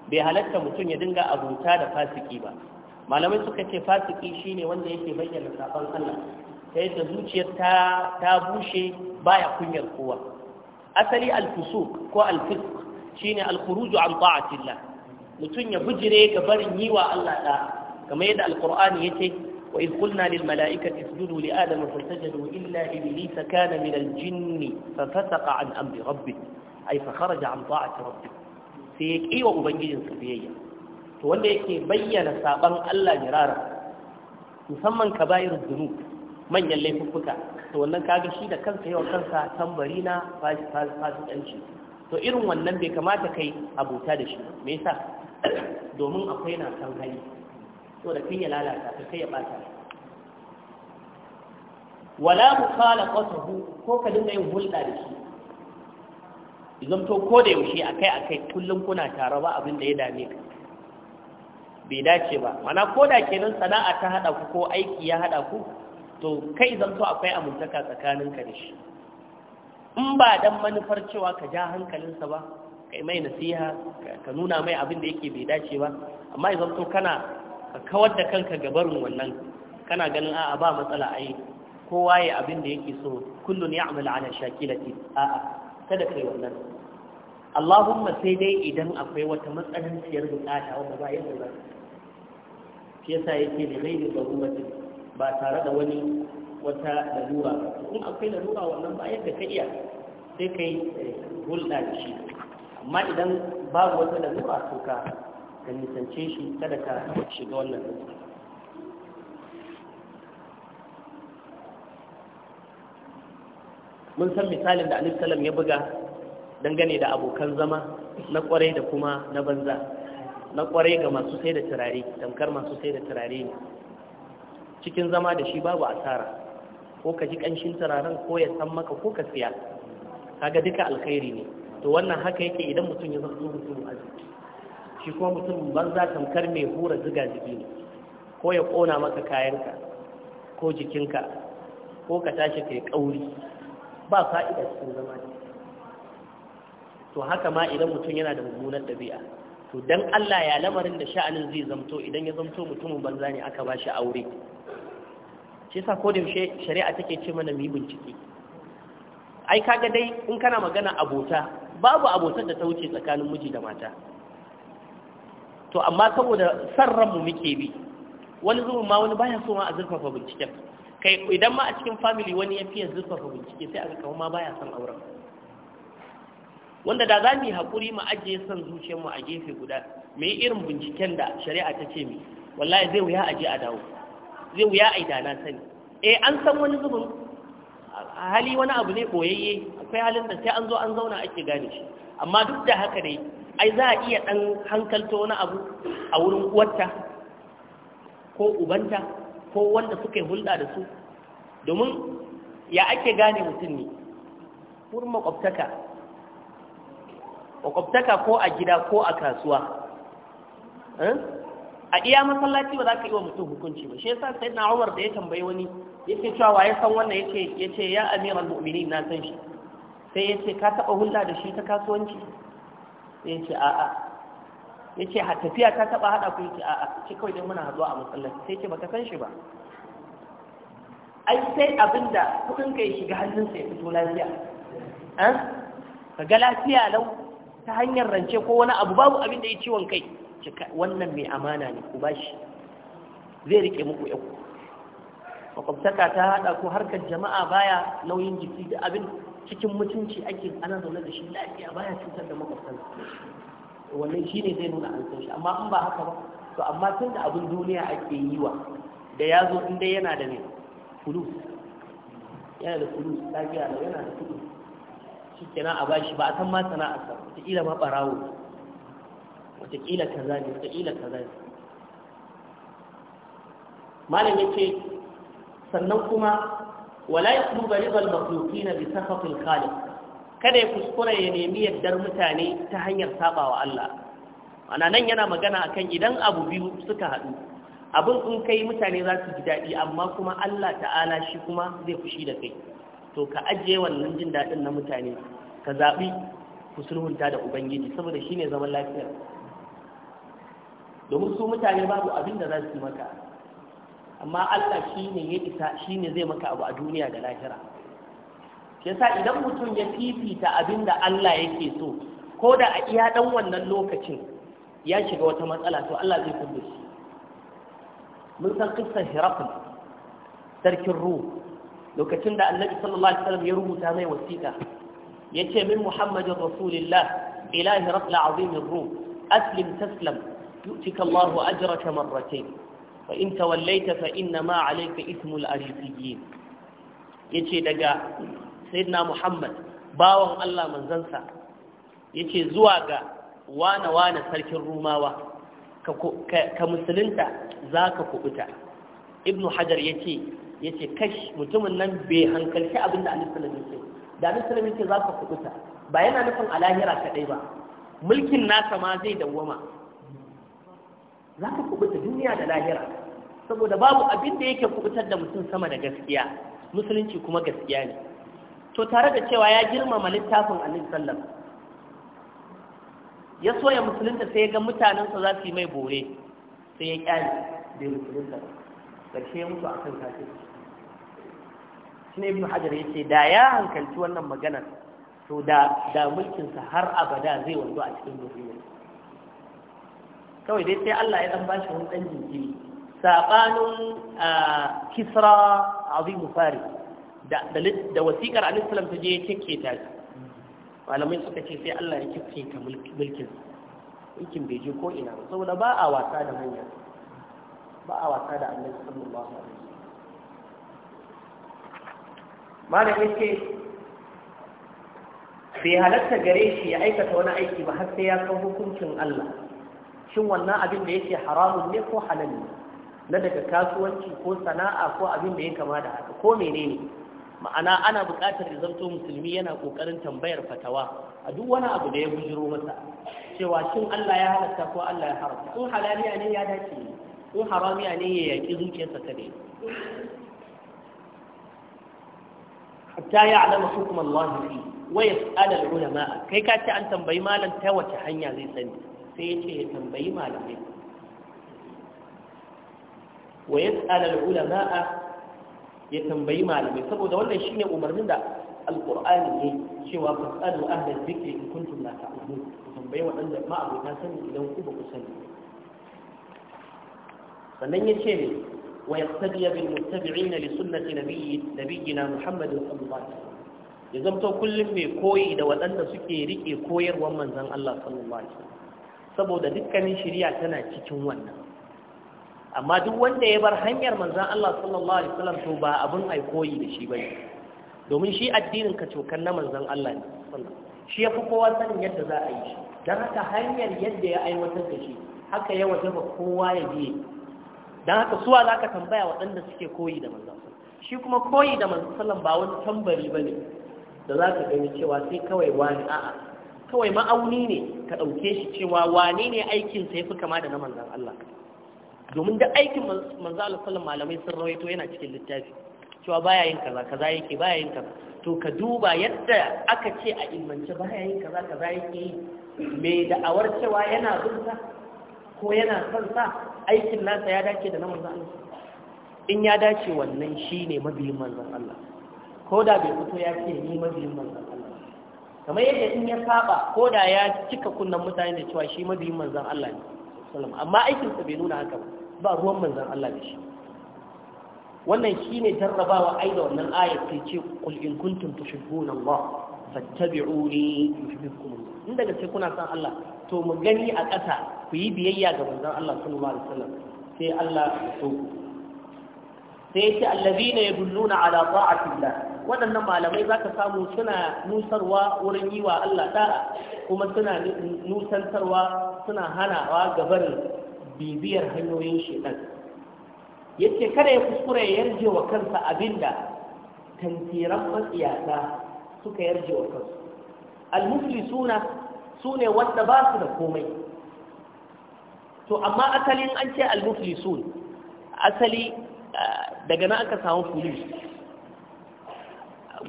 bai halatta mutum ya dinga abuta da fasiki ba malamai suka ce fasiki shine wanda yake bayyana sabon Allah ta yadda zuciyar ta bushe baya kunyar kowa asali al ko al-fisq shine al an ta'atillah mutum ya bujire ga barin wa Allah da kamar yadda al ya ce wa id qulna lil mala'ikati isjudu li adama fasajadu illa iblisa kana min al-jinni fa fasaqa an amri rabbih ay fa kharaja an ta'ati rabbih sai ya kiwa ubangijinsa biyayya to wanda yake bayyana saban Allah jirara musamman kaba'irud dhunub manyan laifuffuka to wannan kaga shi da kansa yawan kansa tambari na fasikanci to irin wannan bai kamata kai abota da shi me yasa domin akwai na san hali to da kin ya lalata kai ya bata wala mukhalaqatuhu ko ka dinga yin hulɗa da shi idan to ko da yaushe akai akai kullum kuna tare ba abin da ya dame ka bai dace ba mana ko da kenan sana'a ta haɗa ku ko aiki ya haɗa ku to kai zanto akwai amintaka tsakaninka da shi in ba dan manufar cewa ka ja hankalinsa ba kai mai nasiha ka nuna mai abin da yake bai dace ba amma ya zanto kana ka kawar da kanka ga barin wannan kana ganin a'a ba matsala ai kowa ya abin da yake so kullun ya'mal ala shakilati a'a kada kai wannan Allahumma sai dai idan akwai wata matsananciyar bukata wanda ba yadda ba shi yasa yake da gaibi da gwamnati ba tare da wani wata lalura in akwai lalura wannan ba yadda ka iya sai kai eh, hulɗa da shi amma idan babu wata lalura to ka ka nisance shi kada ka shiga wannan mun san misalin da alif salam ya buga dangane da abokan zama na kwarai da kuma na banza na kwarai ga masu sai da turare tamkar masu sai da turare ne cikin zama da shi babu asara ko ka ji ƙanshin turaren ko ya san maka ko ka siya kaga duka alkhairi ne to wannan haka yake idan mutum ya zama mutum arziki shi kuma mutum banza tamkar mai hura ziga zigi ne ko ya ƙona maka kayanka ko jikinka ko ka tashi kai kauri, ba fa'ida cikin zama ne to haka ma idan mutum yana da mummunar ɗabi'a to dan Allah ya lamarin da sha'anin zai zamto idan ya zamto mutumin banza ne aka ba shi aure shi yasa ko da yaushe shari'a take ce mana mu yi bincike ai kaga dai in kana magana abota babu abotar da ta wuce tsakanin miji da mata to amma saboda sarran mu muke bi wani zuwan ma wani baya so ma a zurfafa binciken kai idan ma a cikin family wani ya fiye zurfafa bincike sai a ga kawo ma baya son auren wanda da za mu yi hakuri mu ajiye son zuciyarmu a gefe guda mu irin binciken da shari'a ta ce mu wallahi zai wuya aje a dawo zai wuya a idana sani eh an san wani zubin hali wani abu ne boyayye akwai halin da sai an zo an zauna ake gane shi amma duk da haka dai ai za a iya dan hankalta wani abu a wurin uwarta ko ubanta ko wanda suka yi hulɗa da su domin ya ake gane mutum ne wurin makwabtaka makwabtaka ko a gida ko a kasuwa eh? a iya masallaci ba za ka yi wa mutum hukunci ba shi yasa sai na umar da ya tambayi wani yake cewa waye san wannan ya yace ya amiral mu'minin na san shi sai yace ka taba hulɗa da shi ta kasuwanci sai yace a'a yace ha tafiya ta taba hada ku yace a'a ce kawai dai muna hazuwa a masallaci sai yace baka san shi ba ai sai abinda kudin ka ya shiga hannunsa ya fito lafiya eh ka ga lafiya lau ta hanyar rance ko wani abu babu abin da ya ciwon kai wannan mai amana ne ku bashi zai rike muku yau makwabtaka ta hada ko harkar jama'a baya nauyin jiki da abin cikin mutunci ake ana zaune da shi lafiya baya cutar da makwabtan wannan shi ne zai nuna an shi amma in ba haka ba to amma tun da abin duniya ake yi wa da ya zo inda yana da ne Kulu. yana da Kulu. lafiya da yana da Kulu. shi kenan a bashi ba a san ma sana'arsa wataƙila ma ɓarawo wataƙila kaza ne wataƙila kaza ne malam ce sannan kuma walai ya kuma bari na bisa kafin kalin kada ya kuskura ya nemi yardar mutane ta hanyar saba Allah ana nan yana magana akan idan abu biyu suka haɗu abin in kai mutane za su ji daɗi amma kuma Allah ta'ala shi kuma zai fushi da kai to ka ajiye wannan jin daɗin na mutane ka zaɓi ku sulhunta da ubangiji saboda shi ne zaman lafiyar domin su mutane babu abin da za su maka amma allah shi ne ya isa shi ne zai maka abu a duniya da lahira yasa idan mutum ya fifita abin da allah yake so ko da a iya ɗan wannan lokacin ya shiga wata matsala to allah zai kudu shi mun san kisan hirafin sarkin ruhu lokacin da annabi sallallahu alaihi wasallam ya rubuta mai wasiƙa yace min muhammadin rasulillah ilahi hirqal azim ar-rum aslim taslam yu'tika allah ajraka marratayn fa in tawallaita fa inna ma alayka ismul arifiyyin yace daga sayyidina muhammad bawan allah manzansa yace zuwa ga wana wana sarkin rumawa ka musulunta za ka kubuta ibnu hajar ya ce ya ce kashi mutumin nan bai hankalci abin da alif salam ce. da alif salam ce za ka kubuta ba yana nufin a lahira kaɗai ba mulkin nasa ma zai dawwama za ka kubuta duniya da lahira saboda babu abin da yake kubutar da mutum sama da gaskiya musulunci kuma gaskiya ne to tare da cewa ya girmama littafin alif salam ya so ya musulunta sai ya ga mutanensa za su yi mai bore sai ya kyale bai musulunta ba karshe ya mutu akan kafirci ne ibn hajar ce da ya hankalci wannan magana to da mulkinsa mulkin har abada zai wanzu a cikin duniya kawai dai sai Allah ya dan bashi wani ɗan jinkiri sabanin kisra azim fari da da wasikar ta je ya wasallam ta je ta malamai suka ce sai Allah ya kike ta mulkin mulkin bai je ko ina saboda ba a wasa da manya ba a wasa da annabi sallallahu alaihi wasallam malam yace bai halatta gare shi ya aikata wani aiki ba har sai ya san hukuncin Allah shin wannan abin da yake haramun ne ko halal ne na daga kasuwanci ko sana'a ko abin da ya kama da haka ko menene ma'ana ana buƙatar da zanto musulmi yana ƙoƙarin tambayar fatawa a duk wani abu da ya bujiro masa cewa shin Allah ya halatta ko Allah ya haramta in halaliya ne ya dace ne ko haramiya ne ya yaƙi zuciyarsa ta dai hatta ya alama hukum Allah fi wa yas'al ulama kai ka ce an tambayi malam ta wace hanya zai sani sai yace ya tambayi malamai wa yas'al ulama ya tambayi malamai saboda wannan shine umarnin da alqur'ani ne cewa fasalu ahla dhikri in kuntum la ta'lamun tambayi waɗanda ma'abuta sani idan ku ba ku sani sannan ya ce ne wa yaqtadiya bil muttabi'ina li sunnati nabiyyina muhammadin sallallahu alaihi wasallam ya zamto kullum mai koyi da waɗanda suke rike koyarwar manzan Allah sallallahu alaihi saboda dukkanin shari'a tana cikin wannan amma duk wanda ya bar hanyar manzan Allah sallallahu alaihi wasallam to ba abin ai koyi da shi bane domin shi addinin ka cokan na manzan Allah ne shi ya fi kowa sanin yadda za a yi shi don haka hanyar yadda ya aiwatar da shi haka ya wajaba kowa ya biye don haka suwa za ka tambaya waɗanda suke koyi da manzan shi kuma koyi da manzan ba wani tambari ba ne da za ka gani cewa sai kawai wani a'a kawai ma'auni ne ka ɗauke shi cewa wane ne aikinsa ya fi kama da na manzan Allah domin da aikin manzan Allah sallan malamai sun rawaito yana cikin littafi cewa baya yin kaza kaza yake baya yin kaza to ka duba yadda aka ce a ilmance baya yin kaza kaza yake yi mai da'awar cewa yana bin ko yana son sa aikin nasa ya dace da na manzon Allah in ya dace wannan shine mabiyin manzan Allah ko da bai fito ya ce ni mabiyin manzan Allah kamar yadda in ya saba ko da ya cika kunnen mutane da cewa shi mabiyin manzan Allah ne amma aikin sa bai nuna haka ba ruwan manzan Allah da shi wannan shine jarrabawa ai da wannan ayat ce kul in kuntum tushibbuna Allah fattabi'uni yuhibbukum Allah in daga kuna san Allah to mu gani a ƙasa ku yi biyayya ga manzon Allah sallallahu alaihi wasallam sai Allah ya so ku sai ce allazina yadulluna ala ta'atillah waɗannan malamai zaka samu suna nusarwa wurin yi wa Allah da'a kuma suna nusantarwa suna hanawa gaban bibiyar hanyoyin shedan yace kada ya kuskure ya yarje wa kansa abinda tantiran matsiyata suka yarje wa kansu al suna sune wanda ba su da komai to amma asalin an ce al sun, asali daga nan aka samu fulis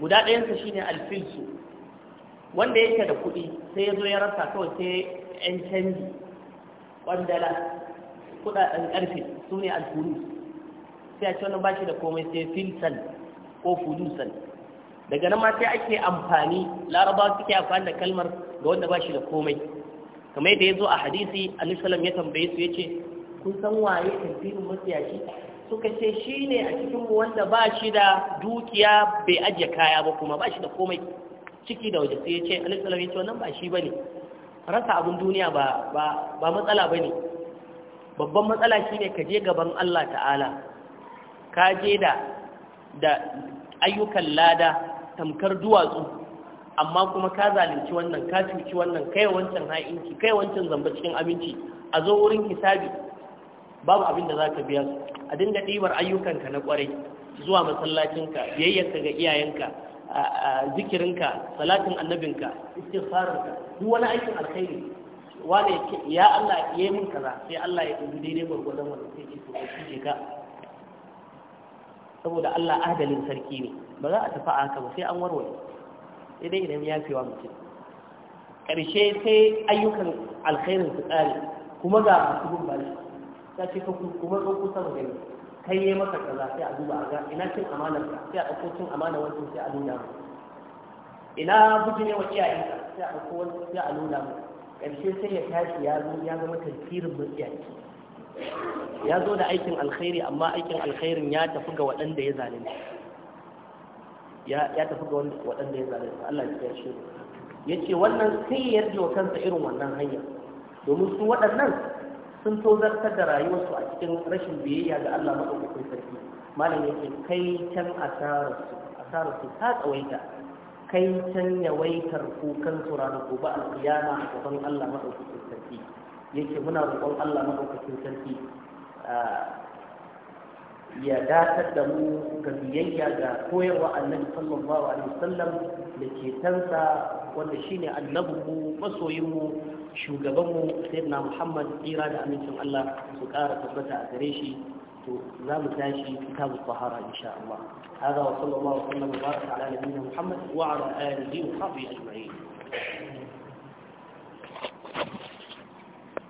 guda ɗayansa shine alfilsu wanda yake da kuɗi sai ya zo ya rasa kawai sai 'yan canji ƙwandala kuɗaɗen ƙarfe su ne sai a ce wani ba shi da komai sai filsan ko fulusan daga nan ma sai ake amfani laraba suke amfani da kalmar ga wanda ba shi da komai kamar yadda ya zo a hadisi annabi ya tambaye su ya ce, kun san waye tafiyin matsiyaci suka ce shi ne a cikin wanda ba shi da dukiya bai ajiye kaya ba kuma ba shi da komai ciki da waje sai ya ce annabi ya ce wannan ba shi ba ne rasa abin duniya ba matsala ba ne. babban matsala shine ka je gaban Allah ta'ala ka je da ayyukan lada tamkar duwatsu amma kuma ka zalunci wannan ka cuci wannan kai wancan ha'inci kai wancan zamba cikin aminci a zo wurin hisabi babu abin da za ka biya su a dinga ɗibar ayyukanka na ƙwarai zuwa masallacinka biyayyarka ga iyayenka zikirinka salatin annabinka istighfararka duk wani aikin alkhairi wani ya Allah ya yi min kaza sai Allah ya dubi daidai gwargwadon wannan sai ce so shi ka saboda Allah adalin sarki ne ba za a tafi a haka ba sai an warware sai dai idan ya wa mutum ƙarshe sai ayyukan alkhairin su tsari kuma ga masu bin bashi ta ce ka kuma zo kusa da gani kai yi masa kaza sai a duba a ga ina cin amanar ka sai a ɗauko cin amanar wancan sai a nuna mu ina bujine wa iyayen ka sai a ɗauko wancan sai a nuna mu ƙarshe sai ya tashi ya zo ya zama tarkirin matsiyaci ya zo da aikin alkhairi amma aikin alkhairin ya tafi ga waɗanda ya zalunta ya tafi ga waɗanda ya zalunta Allah ya ce ya ce wannan sai ya yarda wa kansa irin wannan hanya domin su waɗannan sun zartar da rayuwarsu a cikin rashin biyayya ga Allah maɗaukakin sarki malam ya ce kai can asararsu su ta tsawaita kai can yawaitar kukansu ranar gobe alƙiyama a gaban Allah maɗaukakin yake muna roƙon Allah madaukakin sarki ya datar da mu ga biyayya ga koyarwa annabi sallallahu alaihi wasallam da ke tansa wanda shine mu shugaban mu sayyidina Muhammad tsira da amincin Allah su ƙara tabbata a gare shi to za mu tashi kitabu sahara insha Allah hada wa sallallahu alaihi wasallam baraka ala nabiyina Muhammad wa ala alihi wa sahbihi ajma'in